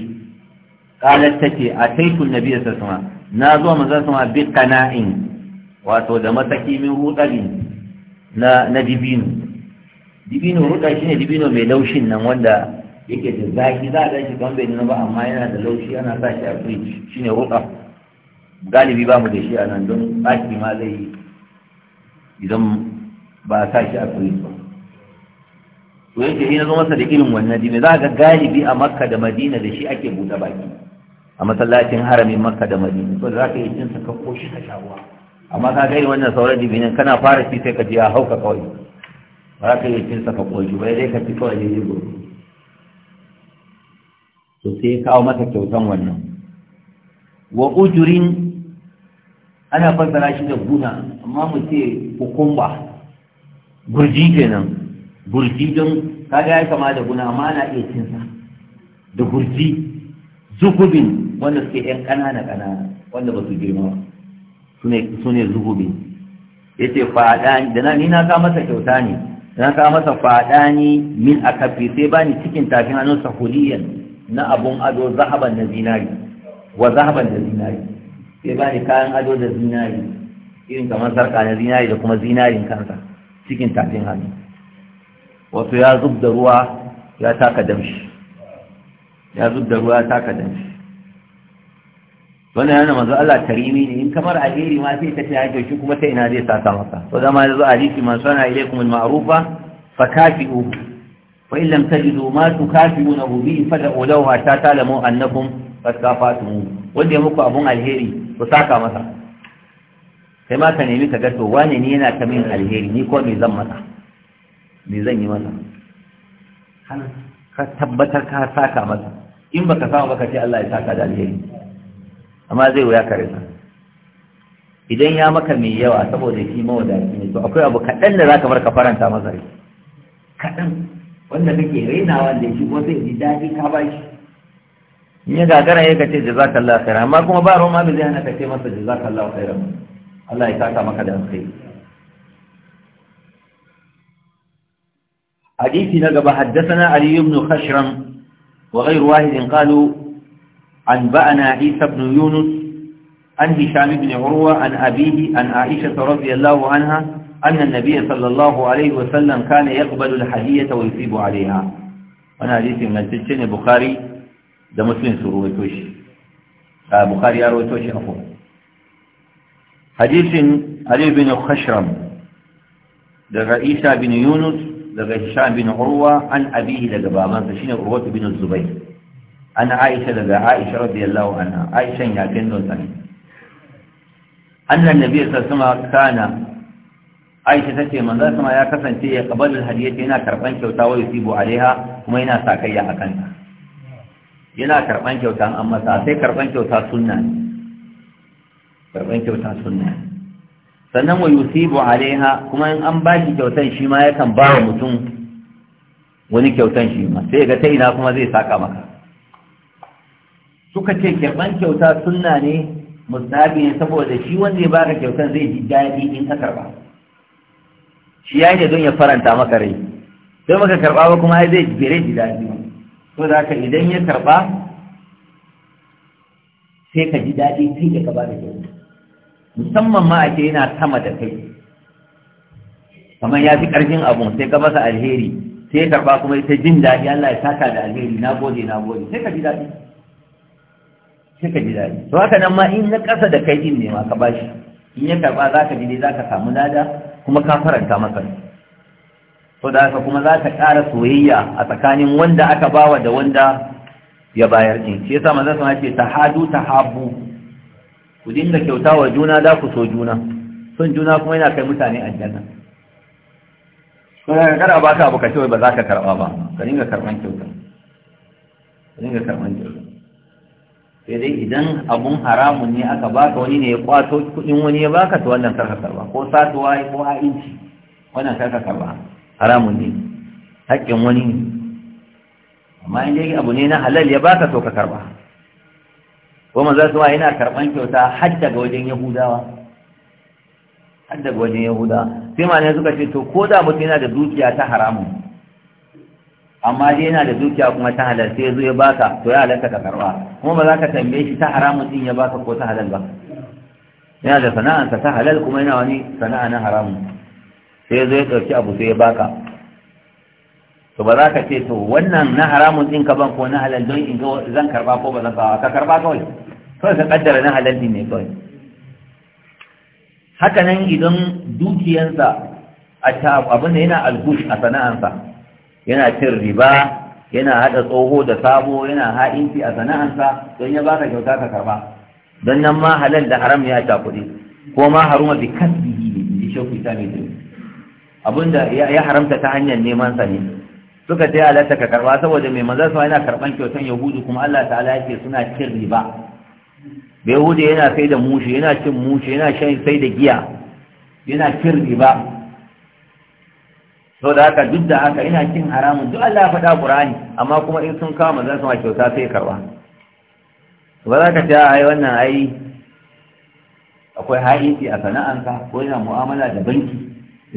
qalat tace ataitu annabi sallallahu na zo manzo sama bi wato da mataki min rudali na na dibino dibino ruda shine dibino mai laushin nan wanda yake da zaki za a ga shi ban bai nuna ba amma yana da laushi ana sa shi a fridge shine ruda galibi ba mu da shi a nan don baki ma zai yi. idan ba a sa shi a firis ba to yake shi na zo masa da irin wannan dini za ga galibi a makka da madina da shi ake buɗe baki a masallacin haramin makka da madina to za ka yi cin ka koshi ka sha amma ka ga wannan sauran dibinin kana fara shi sai ka ji a hauka kawai ba za ka yi cin ka koshi ba dai ka ci kawai ne gobe to sai ya kawo mata kyautan wannan wa ujurin ana fassara shi da guna amma mu ce kukumba gurji kenan gurji don kaga ya kama da guna amma ana iya cinsa. da gurji zugubin wanda suke yan ƙanana ƙanana wanda ba su girma su ne zugubin ya ce faɗani da ni na ka masa kyauta ne na ka masa faɗani min a kafi sai ba ni cikin tafin hannunsa sahuliyan na abun ado zahaban na zinari wa zahaban da zinari sai ba ni kayan ado da zinari irin kamar sarka na zinari da kuma zinarin kansa cikin tafin hannu wato ya zub da ruwa ya taka damshi ya zub da ruwa ya taka damshi wannan yana mazu Allah karimi ne in kamar alheri ma sai ta tayi shi kuma ta ina zai saka maka to zama ya zo alifi man sana ilaikum al-ma'rufa kafi'u wa in lam tajidu ma tukafi'unahu bi fad'u lahu hatta ta'lamu annakum qad kafatum wanda ya muku abun alheri ku saka masa sai ma ka nemi ka ga to wane ni yana ta min alheri ni ko me zan masa me zan yi masa ka tabbatar ka saka masa in baka samu baka ce Allah ya saka da alheri amma zai wuya ka rasa idan ya maka mai yawa saboda shi mawadaci ne to akwai abu kaɗan da za ka bar ka faranta masa rai kaɗan wanda kake rainawa da shi ko zai ji daɗi ka ba shi in ya gagara ya kace jazakallahu khairan amma kuma ba ruwan ma bai hana kace masa jazakallahu khairan Allah ya saka maka da alkhairi حديث نقب حدثنا علي بن خشرم وغير واحد قالوا أنبأنا عيسى بن يونس عن هشام بن عروة عن أبيه عن عائشة رضي الله عنها أن النبي صلى الله عليه وسلم كان يقبل الحدية ويصيب عليها وانا حديث من التجن بخاري د مسلم سورو وتوش ا آه، بخاري ار وتوش اخو حديث علي بن خشرم د رئيسا بن يونس د هشام بن عروه عن ابيه د بابان تشين عروه بن الزبير انا عائشه د عائشه رضي الله عنها عائشه يا كندو ان النبي صلى الله عليه وسلم كان عائشه تتي من ذات يا يا تي قبل الهديه هنا كربان كوتاوي يسيب عليها وما هنا ساكيه اكنها yana karban kyauta an masa sai karban kyauta sunna karban kyauta sunna sannan wa yusibu alaiha kuma in an baki kyautan shi ma yakan ba wa mutum wani kyautan shi ma sai ga ta ina kuma zai saka maka suka ce karban kyauta sunna ne mustahabi ne saboda shi wanda ya baka kyautan zai ji daɗi in ka karba shi ya ne don ya faranta maka rai sai maka karba ba kuma zai ji daɗi so da haka idan ya karba sai ka ji daɗi sai ya gaba da kyauta musamman ma a ce yana sama da kai kamar ya fi ƙarfin abun sai ka masa alheri sai ya karba kuma ita jin daɗi Allah ya saka da alheri na gode na gode sai ka ji daɗi sai ka ji daɗi to haka nan ma in na ƙasa da kai din ne ma ka bashi in ya karba za ka ji dai za ka samu lada kuma ka faranta masa so da haka kuma za ta ƙara soyayya a tsakanin wanda aka bawa da wanda ya bayar din shi yasa manzon sama ce ta habu. ku dinga kyauta wa juna za ku so juna son juna kuma yana kai mutane aljanna so da kada ba ka abu ka ce ba za ka karba ba ka dinga karban kyauta ka dinga karban kyauta sai dai idan abun haramun ne aka baka wani ne ya kwato kudin wani ya baka to wannan karka karba ko satuwa ko ha'inci wannan karka karba haramun ne haƙƙin wani ne amma in dai abu ne na halal ya baka so ka karba kuma za su wa yana karban kyauta har daga wajen yahudawa har daga wajen yahudawa sai ma ne suka ce to ko da mutum yana da dukiya ta haramun amma dai yana da dukiya kuma ta halal sai zo ya baka to ya halalta ka karba kuma ba za ka tambaye shi ta haramun din ya baka ko ta halal ba yana da sana'a ta halal kuma yana wani sana'a na haramun sai zo ya ɗauki abu sai ya baka to ba za ka ce to wannan na haramun ɗin ka ban ko na halal don in zan karba ko ba zan kawo ka karba kawai to ka kaddara na halal ɗin ne kawai haka nan idan dukiyansa abin da yana algush a sana'ansa yana cin riba yana haɗa tsoho da sabo yana ha'inci a sana'ansa don ya baka kyauta ka karba don nan ma halal da haram ya ta kuɗi ko ma haruma bi kasbihi ne in ji shauki ta mai abinda ya haramta ta hanyar neman sa ne suka ce Allah ka karba saboda mai manzo sai yana karban kyautan yahudu kuma Allah ta'ala yake suna cin riba bai yahudu yana sai da mushi yana cin mushi yana shan sai da giya yana cin riba sau da haka duk da haka ina cin haramun duk Allah ya faɗa Qur'ani amma kuma in sun kawo manzan sama kyauta sai karba ba za ka ce ai wannan ai akwai ha'inci a sana'anka ko yana mu'amala da banki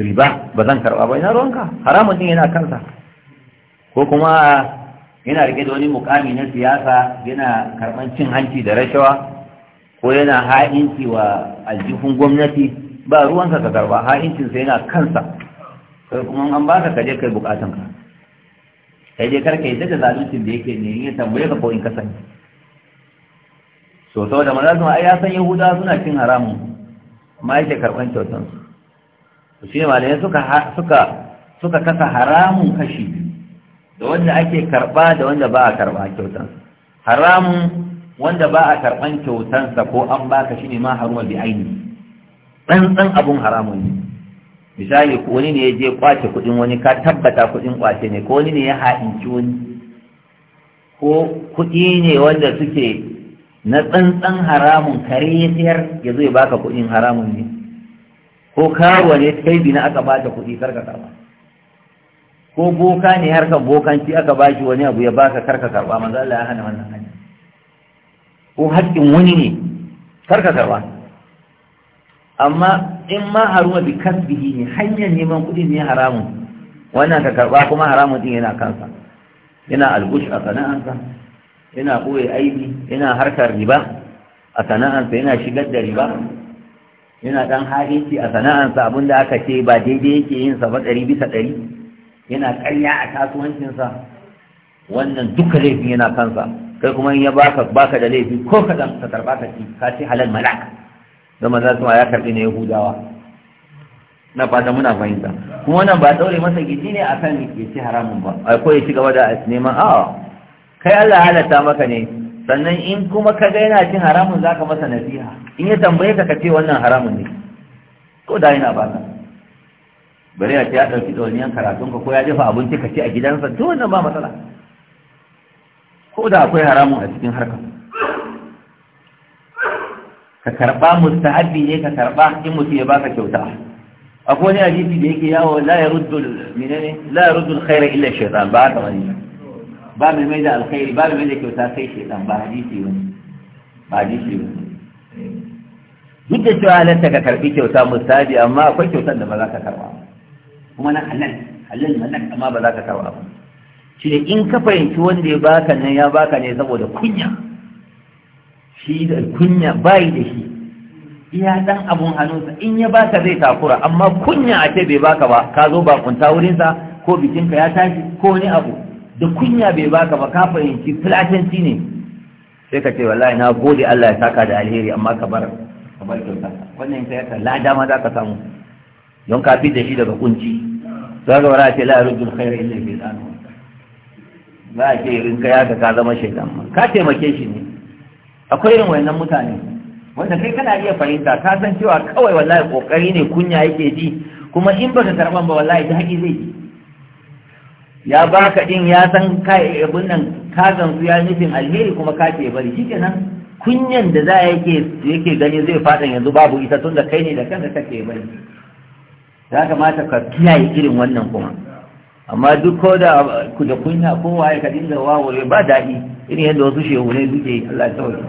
riba ba zan karɓa ba ina ruwanka haramun din yana kansa ko kuma yana rike da wani mukami na siyasa yana karɓan cin hanci da rashawa ko yana ha'inci wa aljihun gwamnati ba ruwanka ka karɓa ha'incinsa yana kansa kai kuma an ba ka kaje kai Ka kai kar karka yi da zaluncin da yake ne ya tambaye ka ko in ka sani so saboda manazuma ai ya san yahudawa suna cin haramun ma yake karban kyautansu shi ne malamai suka suka suka kasa haramun kashi da wanda ake karba da wanda ba a karba kyautan haramun wanda ba a karban kyautansa ko an baka shi ne ma haruma bi aini dan abun haramun ne misali wani ne ya je kwace kudin wani ka tabbata kudin kwace ne ko wani ne ya ha'inci wani ko kudi ne wanda suke na tsantsan haramun kare ya sayar ya zo ya baka kudin haramun ne ko karuwa ne taibi bi na aka ba da kuɗi karka karba ko boka ne harkar bokanci aka ba shi wani abu ya baka karka karba manzo Allah ya hana wannan hanya ko haƙƙin wani ne karka karba amma in ma haruma bi kasbihi ne hanyar neman kuɗi ne haramun wannan ka karba kuma haramun din yana kansa yana algush a sana'ansa yana ɓoye aibi yana harkar riba a sana'ansa yana shigar da riba yana dan ha'inci a sana'ansa abin da aka ce ba daidai yake yin sa ba ɗari bisa ɗari yana ƙarya a kasuwancinsa wannan duka laifin yana kansa kai kuma in ya baka baka da laifi ko ka dan ka karba ka ci ka ci halal malak da manzo sun ya karbi ne yahudawa na fata muna fahimta kuma wannan ba daure masa gidi ne akan ya ci haramun ba ko ya ci gaba da neman a'a kai Allah halatta maka ne sannan in kuma ka ga yana cin haramun za ka masa nasiha in ya tambaye ka ka ce wannan haramun ne ko da yana baka bari ya ce ya ɗauki ɗauniyan karatunka ko ya jefa abinci ka ce a gidansa to wannan ba matsala ko da akwai haramun a cikin harkar ka karɓa mustahabi ne ka karɓa in mutum ya baka kyauta akwai wani hadisi da yake yawo la yaruddu minene la yaruddu khaira illa shaytan ba haka wani. ba mai mai da alkhairi ba mai mai da kyauta sai dan ba hadisi wani ba hadisi wani duk da cewa halatta ka karbi kyauta misali amma akwai kyautar da ba za ka karba kuma na halal halal na amma ba za ka karba ba shi ne in ka fahimci wanda ya baka nan ya baka ne saboda kunya shi da kunya bayi da shi iya dan abun hannunsa in ya baka zai takura amma kunya a ce bai baka ba ka zo bakunta wurinsa ko bikinka ya tashi ko wani abu da kunya bai baka ba ka fahimci filatanci ne sai ka ce wallahi na gode Allah ya saka da alheri amma ka bar ka bar kyauta wannan sai ka la dama za ka samu don ka fi da shi daga kunci za ka wara ce la rujul khaira illa bi zanu za a ce irin ka ka zama shaidan ka taimake shi ne akwai irin wayannan mutane wanda kai kana iya fahimta ka san cewa kawai wallahi kokari ne kunya yake ji kuma in baka karban ba wallahi ta haƙi zai ji ya baka din ya san kai abin nan ka gansu ya nufin alheri kuma ka ce bari shikenan kunyan da za yake yake gani zai fadan yanzu babu ita tunda kai ne da kanka kake bari ya kamata ka kiyaye irin wannan kuma amma duk ko da ku da kunya ko waye ka dinga wawure ba daɗi irin yadda wasu shehu ne suke Allah ya wani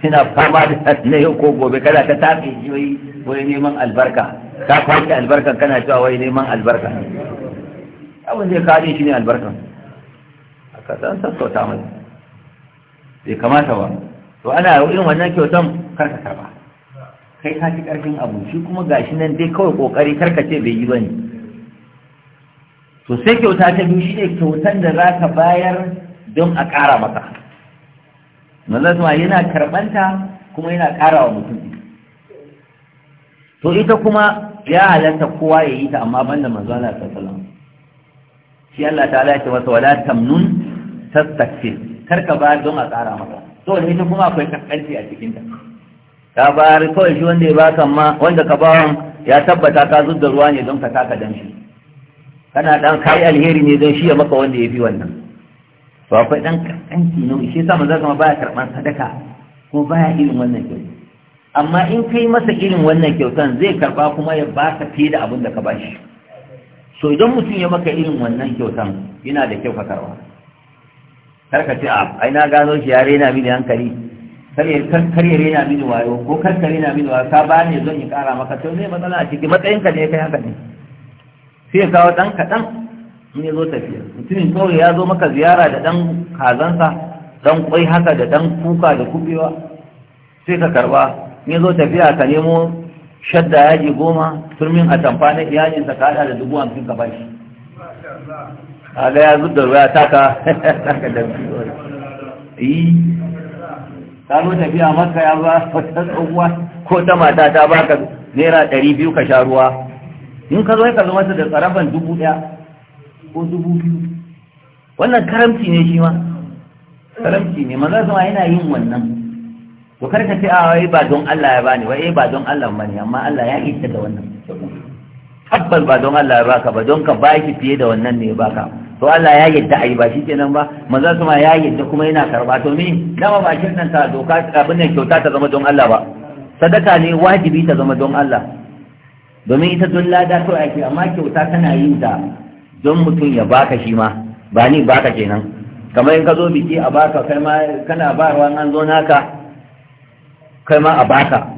suna fama da na yau ko gobe kada ka tafi wai neman albarka ka kwanke albarkan kana cewa wai neman albarka abin zai kare shi ne albarkan a ta sassauta mai bai kamata ba to ana irin wannan kyautan karka karba kai ka ci karfin abu shi kuma gashi nan dai kawai kokari karkace ce bai yi ba ne to sai kyauta ta biyu shi ne kyautan da za ka bayar don a ƙara maka manzan yana karɓanta kuma yana ƙara wa mutum to ita kuma ya halatta kowa ya yi ta amma banda manzo Allah sallallahu shi Allah ta'ala ya ce masa wala tamnun tastakfir kar ka bayar don a tsara maka to ne ta kuma akwai kaskanci a cikin ta ka bayar kawai shi wanda ya baka ma wanda ka bawan ya tabbata ka zuddar ruwa ne don ka taka damshi kana dan kai alheri ne don shi ya maka wanda ya fi wannan to akwai dan kaskanci ne shi yasa manzo kuma baya karban sadaka ko baya irin wannan kyau. amma in kai masa irin wannan kyautan zai karba kuma ya baka fiye da abin da ka bashi so idan mutum ya maka irin wannan kyautan yana da kyau Kar karka ce a ah, ai na gano shi ya rena mini hankali kar ya rena mini wayo ko kar ka rena mini wayo ka bani zan yi kara maka to ne matsala a ciki matsayin ka ne kai haka ne sai ya kawo dan kaɗan in ya zo tafiya mutumin kawai ya zo maka ziyara da dan kazansa dan kwai haka da dan kuka da kubewa sai ka karba in ya zo tafiya ka nemo shadda yaji goma turmin a tamfa na iyalin ta kada da dubu hamsin ka bashi ga ya zuɗa da ruwa ta ka da yi ta zo tafiya maka ya ba wata tsohuwa ko ta mata ta baka naira ɗari biyu ka sha ruwa in ka zo ka zo masa da tsaraban dubu ɗaya ko dubu biyu wannan karamci ne shi ma karamci ne maza zama yana yin wannan Ku kar ka ce a ah, wai ba don Allah ya bani wai eh, ba don Allah bane amma Allah ya isa da wannan tabbas ba don Allah ya baka ba don ka baki fiye da wannan ne ya baka to Allah ya yadda ayi ba shi kenan ba manzon kuma ya yadda kuma yana karba to ni dama ba kin nan ta doka abin nan kyauta ta zama don Allah ba sadaka ne wajibi ta zama don Allah domin ita don lada to ake amma kyauta tana yin ta don mutum ya baka shi ma ba ni baka kenan kamar in ka zo biki a baka kai ma kana ba ruwan an zo naka kai ma a baka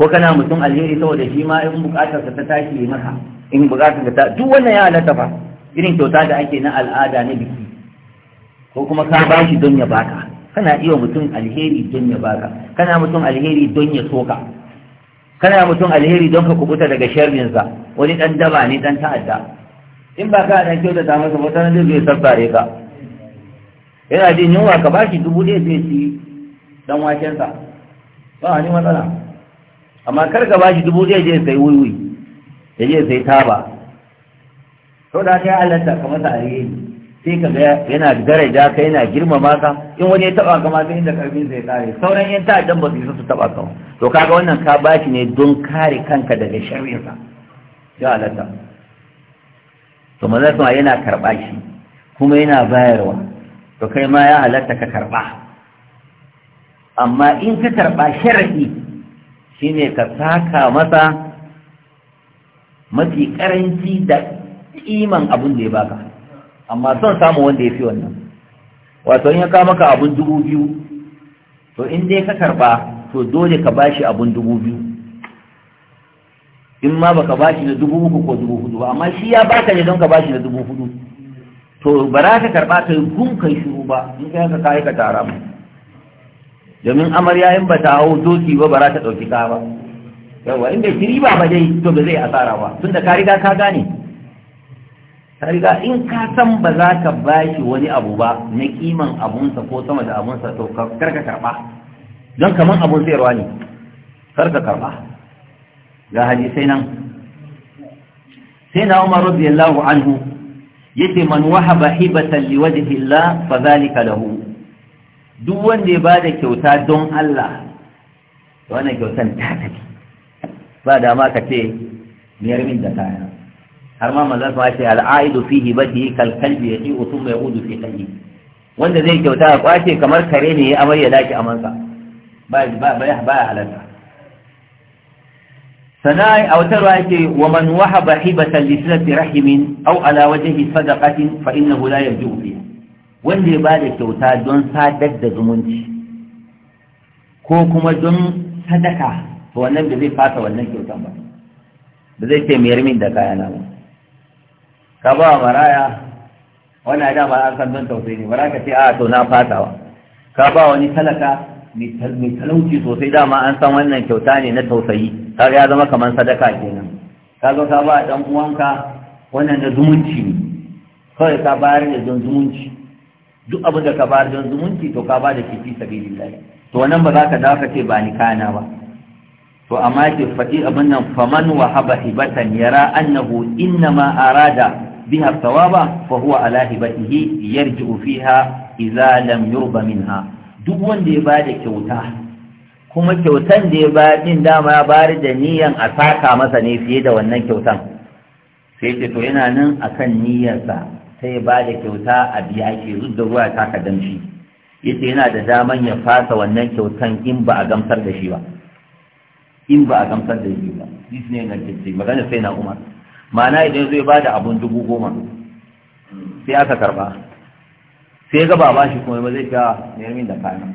ko kana mutum alheri saboda shi ma in bukatar ta tashi maka in bukatar ta duk wannan ya halatta fa irin kyauta da ake na al'ada na biki ko kuma ka bashi don ya baka kana iya mutum alheri don ya baka kana mutum alheri don ya soka kana mutum alheri don ka kubuta daga sa wani dan daba ne dan ta'adda in ba ka da kyauta ta masa wata da zai sassare ka yana jin yunwa ka bashi dubu ɗaya sai ci dan wakensa ba wani matsala amma kar ka bashi dubu zai je sai wuiwui ya je sai taba to da kai Allah ta kamata a yi sai ka ga yana daraja ka yana girmama ka in wani ya taba ma sai inda karfin zai kare sauran yan ta dan ba su su taba ka to kaga wannan ka bashi ne don kare kanka daga sharrin sa ya Allah ta to manzo yana karba shi kuma yana bayarwa to kai ma ya halatta ka karba amma in ka karɓa sharaɗi shine ka saka masa mafi ƙaranci da ƙiman abin da ya baka amma son samu wanda ya fi wannan wato in ya kawo maka abin dubu biyu to in dai ka karɓa to dole ka bashi abin dubu biyu in ma baka bashi na dubu uku ko dubu hudu ba amma shi ya baka ne don ka bashi na dubu hudu to ba za ka karɓa ka yi gun kai shiru ba in ka yanka ka tara mai domin amarya in ba ta hau doki ba ba za ta ɗauki ka ba yawa in bai shiri ba ba dai to ba zai asara ba tun da ka riga ka gane ka riga in ka san ba za ka shi wani abu ba na kiman abunsa ko sama da abunsa to kar ka karɓa don kaman abun sayarwa ne kar ka karɓa ga sai nan sai na umar radiyallahu anhu yace man wahaba hibatan liwajhi Allah fa zalika lahu duk wanda ya ba da kyauta don Allah wannan kyautan ta tafi ba da ma ka ce miyar min da kaya har ma manzon sa ce al'aidu fi hibati kal kalbi yaji'u thumma yaudu fi qalbi wanda zai kyauta a kwace kamar kare ne ya amarya daki amansa ba ba ba halarta sanai a wata ruwa yake wa man wahaba hibatan li silati rahimin aw ala wajhi sadaqatin fa innahu la yarji'u fiha wanda ya ba da kyauta don sadar da zumunci ko kuma don sadaka to wannan da zai fasa wannan kyautan ba da zai ce mai min da kayana ba ka ba maraya wani da ba an san don tausayi ne ba ka ce a ah, to na fata ba ka ba wani talaka mai talauci sosai dama an san wannan kyauta ne na tausayi kaga ya zama kamar sadaka kenan Ka zo ka ba dan uwanka wannan da zumunci ne kawai ka bayar da don zumunci duk abin da ka bayar don zumunci to ka bada shi fi sabilillah to wannan ba za ka dawo ka ce ba ni kana ba to amma ke faɗi abin nan faman wa haba hibatan yara annahu innama arada biha thawaba fa huwa ala hibatihi yarji'u fiha idza lam yurba minha duk wanda ya bada kyauta kuma kyautan da ya bayar din dama ya bayar da niyan a saka masa ne fiye da wannan kyautan sai ce to yana nan akan niyyarsa sai ba da kyauta a biya ke zuwa da ruwa ta kadan shi yace yana da daman ya fasa wannan kyautan in ba a gamsar da shi ba in ba a gamsar da shi ba dis ne ga tace magana sai na Umar ma'ana idan zai ba da abun dubu goma sai aka karba sai ga ba ba shi kuma zai ga min da kana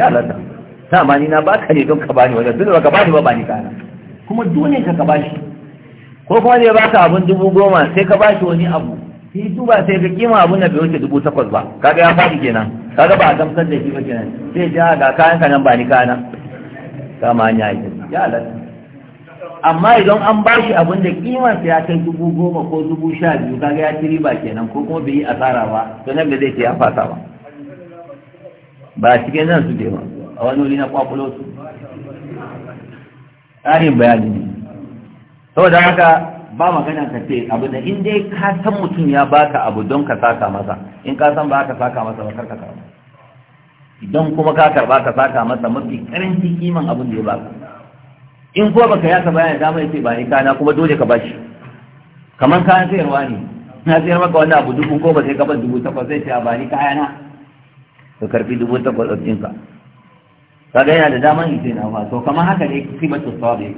ya lata ta ma ni na baka ne don ka bani wajen dole ka bani ba bani kana kuma dole ka ka bashi ko kuma ne baka abun dubu goma sai ka bashi wani abu shi ba sai ka kima abun da bai wuce dubu takwas ba kaga ya faɗi kenan kaga ba a gamsar da shi ba kenan sai ja ah, ga kayan ka nan ba ni kana kama hanya yi ya halatta amma idan an ba shi abin da kimarsa ya kai dubu goma ko dubu sha biyu kaga ya ci riba kenan ko kuma bai yi asara ba to nan da zai ce ya fasa ba ba cikin nan su je ba a wani wuri na kwakulo su ƙarin bayani ne saboda haka ba magana ka ce abu da in dai ka san mutum ya baka abu don ka saka masa in ka san ba ka saka masa ba kar ka karba idan kuma ka karba ka saka masa mafi karanci kiman abin da ya baka in ko baka yaka bayan dama yace ba ni kana kuma dole ka bashi kaman kayan sayarwa ne na sayar maka wannan abu dubu ko ba sai ka bar dubu takwas sai a ba ni kayana ka karfi dubu takwas ɗin ka kaga yana da daman ita na ba to kamar haka ne sibatu sawabi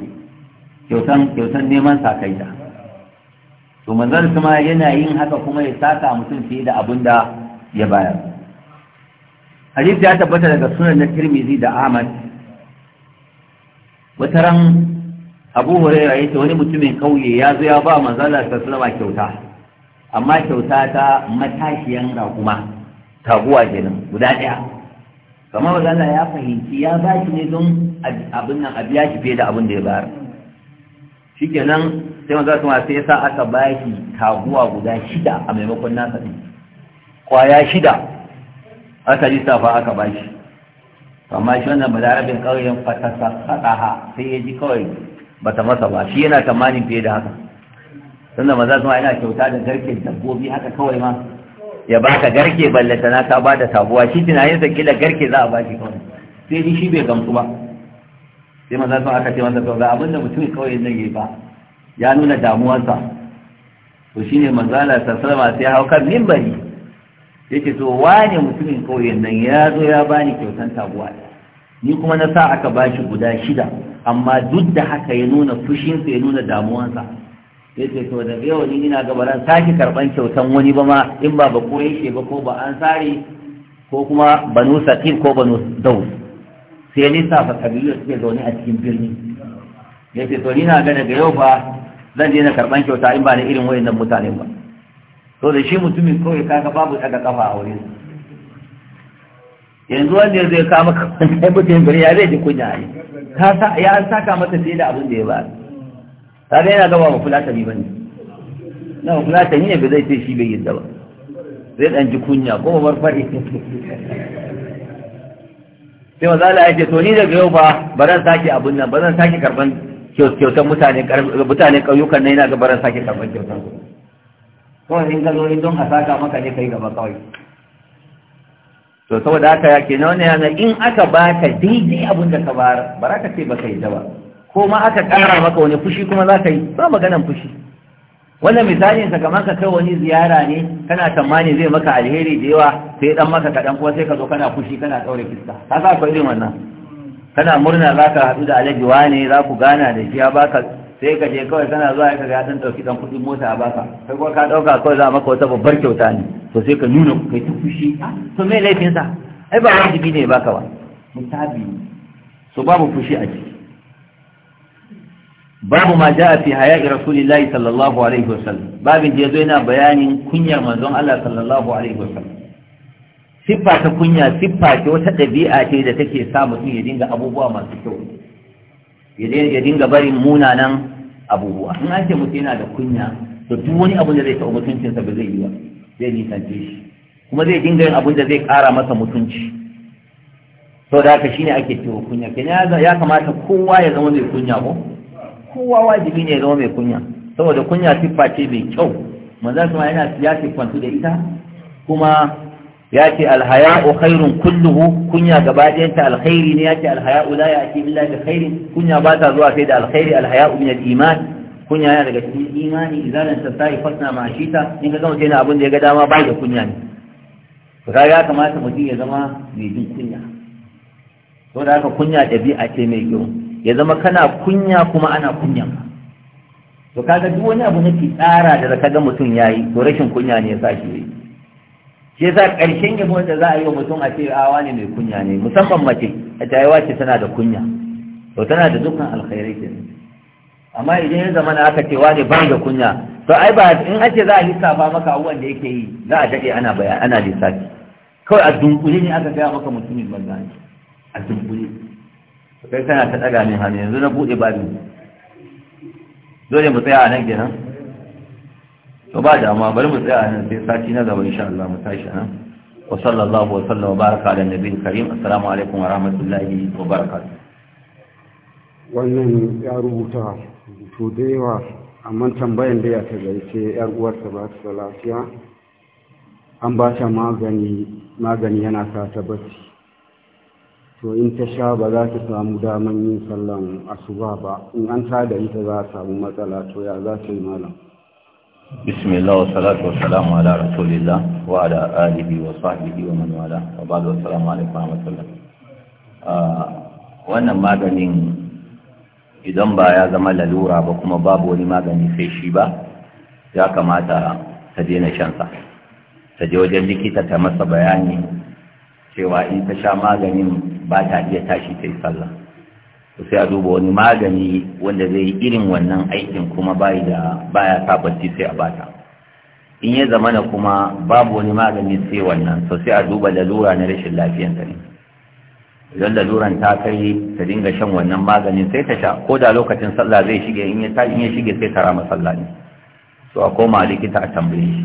kyautan kyautan neman sakaita to manzon kuma yana yin haka kuma ya saka mutum fiye da abin da ya bayar hadith ya tabbata daga sunan na tirmizi da ahmad wata ran abu huraira ya ce wani mutumin kauye ya zo ya ba manzala sallama kyauta amma kyauta ta matashiyan raƙuma taguwa kenan guda ɗaya kamar manzala ya fahimci ya ba shi ne don abin nan a biya shi fiye da abin da ya bayar shikenan sai wanzu kuma sai yasa aka bashi taguwa guda shida a maimakon nasa din kwaya shida aka safa aka bashi amma shi wannan balarabin ƙauyen fatasa fataha sai ya ji kawai bata masa ba shi yana tamanin fiye da haka tunda maza kuma yana kyauta da garke dabbobi haka kawai ma ya baka garke ballata na ka bada taguwa shi tunanin sa kila garke za a bashi kawai sai ni shi bai gamsu ba sai maza kuma aka ce masa kawai abinda mutum kawai zai yi ba ya nuna damuwarsa to shine manzala ta salama sai hau kan mimbari ce, to wane mutumin kauyen nan ya zo ya bani kyautan taguwa ni kuma na sa aka bashi guda shida amma duk da haka ya nuna fushinsa ya nuna damuwarsa ce to da yau ni ina gabaran sake karban kyautan wani ba ma in ba ba koyi shi ba ko ba an sare ko kuma banu saqif ko banu daus sai fa kabilu suke zaune a cikin birni ya ce to ni na ga daga yau ba zan daina karɓan kyauta in ba da irin wayannan mutane ba to da shi mutumin kawai kaga babu daga kafa a wurin yanzu wanda zai ka maka kai mutum gari ya zai ji kunya ne ka sa ya an saka mata sai da abin da ya ba ta ga yana ga ba fulatani bane na ni ne bai zai ce shi bai yadda ba zai dan ji kunya ko bar fari sai maza ya ce to ni daga yau ba ba zan sake abin nan ba zan sake karban kyautan mutane mutane ƙauyukan na yana gabaran sake karɓar kyautan su kawai in ka zo don a saka maka ne kai gaba kawai to saboda haka ya ke na wani yana in aka baka daidai abin da ka bayar ba za ka ce ba ka yi ba ko ma aka ƙara maka wani fushi kuma za ka yi ba maganan fushi wannan misalin sa kamar ka kai wani ziyara ne kana tsammani zai maka alheri da yawa sai dan maka kaɗan kuma sai ka zo kana fushi kana ɗaure fuska ka sa akwai irin wannan kana murna za ka haɗu da alaji wane za ku gana da shi ya baka sai ka je kawai kana zuwa ya ya ɗan ɗauki ɗan kuɗin mota a baka sai kuma ka ɗauka kawai za maka wata babbar kyauta ne to sai ka nuna kai ta fushi ah, to me laifinsa ai ba wajibi ne baka ba mutabi so babu fushi a ciki babu ma ja'a fi haya'i rasulillahi sallallahu alaihi wasallam babin da yazo yana bayanin kunyar manzon Allah sallallahu alaihi wasallam siffa ta kunya siffa ce wata ɗabi'a ce da take sa mutum ya dinga abubuwa masu kyau ya dinga barin munanan abubuwa in an ce mutum yana da kunya to duk wani abun da zai taɓa mutuncinsa ba zai yi ba zai nisance shi kuma zai dinga yin abun da zai ƙara masa mutunci sau da haka shine ake cewa kunya kenan ya kamata kowa ya zama mai kunya ko kowa wajibi ne ya zama mai kunya saboda kunya siffa ce mai kyau manzo kuma yana ya kwantu da ita kuma ya ce alhaya'u khairun kulluhu kunya gaba ɗayanta alkhairi ne ya ce alhaya'u la ya ake illa da khairin kunya ba ta zuwa sai da alkhairi alhaya'u min al-iman kunya yana daga cikin imani izalan tasai fasna ma shita in ka gama sai na abin da ya ga dama ba da kunya ne to ka ya kamata mutum ya zama mai jin kunya to da haka kunya ɗabi'a ce mai kyau ya zama kana kunya kuma ana kunyan to kaga duk wani abu na tsara da ka ga mutum yayi to rashin kunya ne ya sa shi yayi shi yasa ƙarshen yabo da za a yi wa mutum a ce awa ne mai kunya ne musamman mace a tayewa ce tana da kunya to tana da dukkan alkhairai ke amma idan ya zama na aka ce wani ban da kunya to ai ba in ake ce za a lissafa maka abubuwan da yake yi za a daɗe ana bayan ana lissafi kawai a dunkule ne aka gaya maka mutumin banza ne a dunkule kai kana ta ɗaga min hannu yanzu na buɗe babin dole mu tsaya a nan kenan to ba dama bari mu tsaya nan sai sati na gaba insha Allah mu tashi nan wa sallallahu wa sallama baraka ala nabiyil karim assalamu alaikum wa rahmatullahi wa barakatuh wannan ya rubuta to da yawa amma tambayan da ya ta ce yar uwar ta ba ta lafiya an ba ta magani magani yana sa ta bacci to in ta sha ba za ta samu daman yin sallan asuba ba in an ta da ita za a samu matsala to ya za ta yi malam بسم الله والصلاة والسلام على رسول الله وعلى آله وصحبه ومن والاه وبعد والسلام عليكم ورحمة الله wannan maganin idan ba ya zama lalura ba kuma babu wani magani sai shi ba ya kamata ta daina shansa ta je wajen likita ta masa bayani cewa in ta sha maganin ba ta iya tashi ta yi sallah sai a duba wani magani wanda zai yi irin wannan aikin kuma bai da baya sai a bata in ya zama zamana kuma babu wani magani sai wannan to sai a duba lalura na rashin lafiyan ta ne idan laluran ta kai ta dinga shan wannan maganin sai ta sha ko da lokacin sallah zai shige in ya in ya shige sai ta rama sallah ne to a koma likita a tambaye shi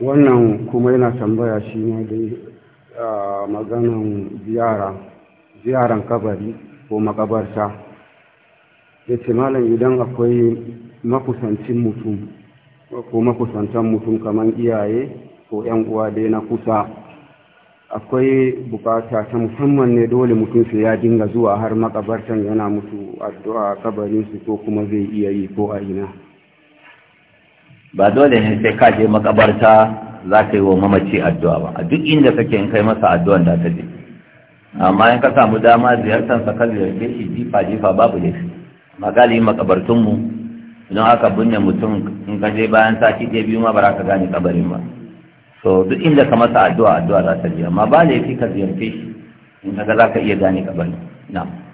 wannan kuma yana tambaya shi ne da maganan ziyara ziyaran kabari ko makabarta ya ce malam idan akwai makusancin mutum ko makusantan mutum kamar iyaye ko 'yan uwa dai na kusa akwai bukata ta musamman ne dole mutum sai ya dinga zuwa har makabartan yana mutu addu'a kabarinsu ko kuma zai iya yi ko a ina ba dole ne sai ka je makabarta za ka yi wa mamaci addu'a ba a duk inda kake in kai masa addu'an da ta je amma in ka samu dama ziyartar sa ka ziyarce shi jifa jifa babu ne magali makabartun mu idan aka binne mutum in ka je bayan sati ɗaya biyu ma ba za ka gane kabarin ba so duk inda ka masa addu'a addu'a za ta ji amma ba laifi ka ziyarce shi in ka ga za ka iya gane kabarin na'am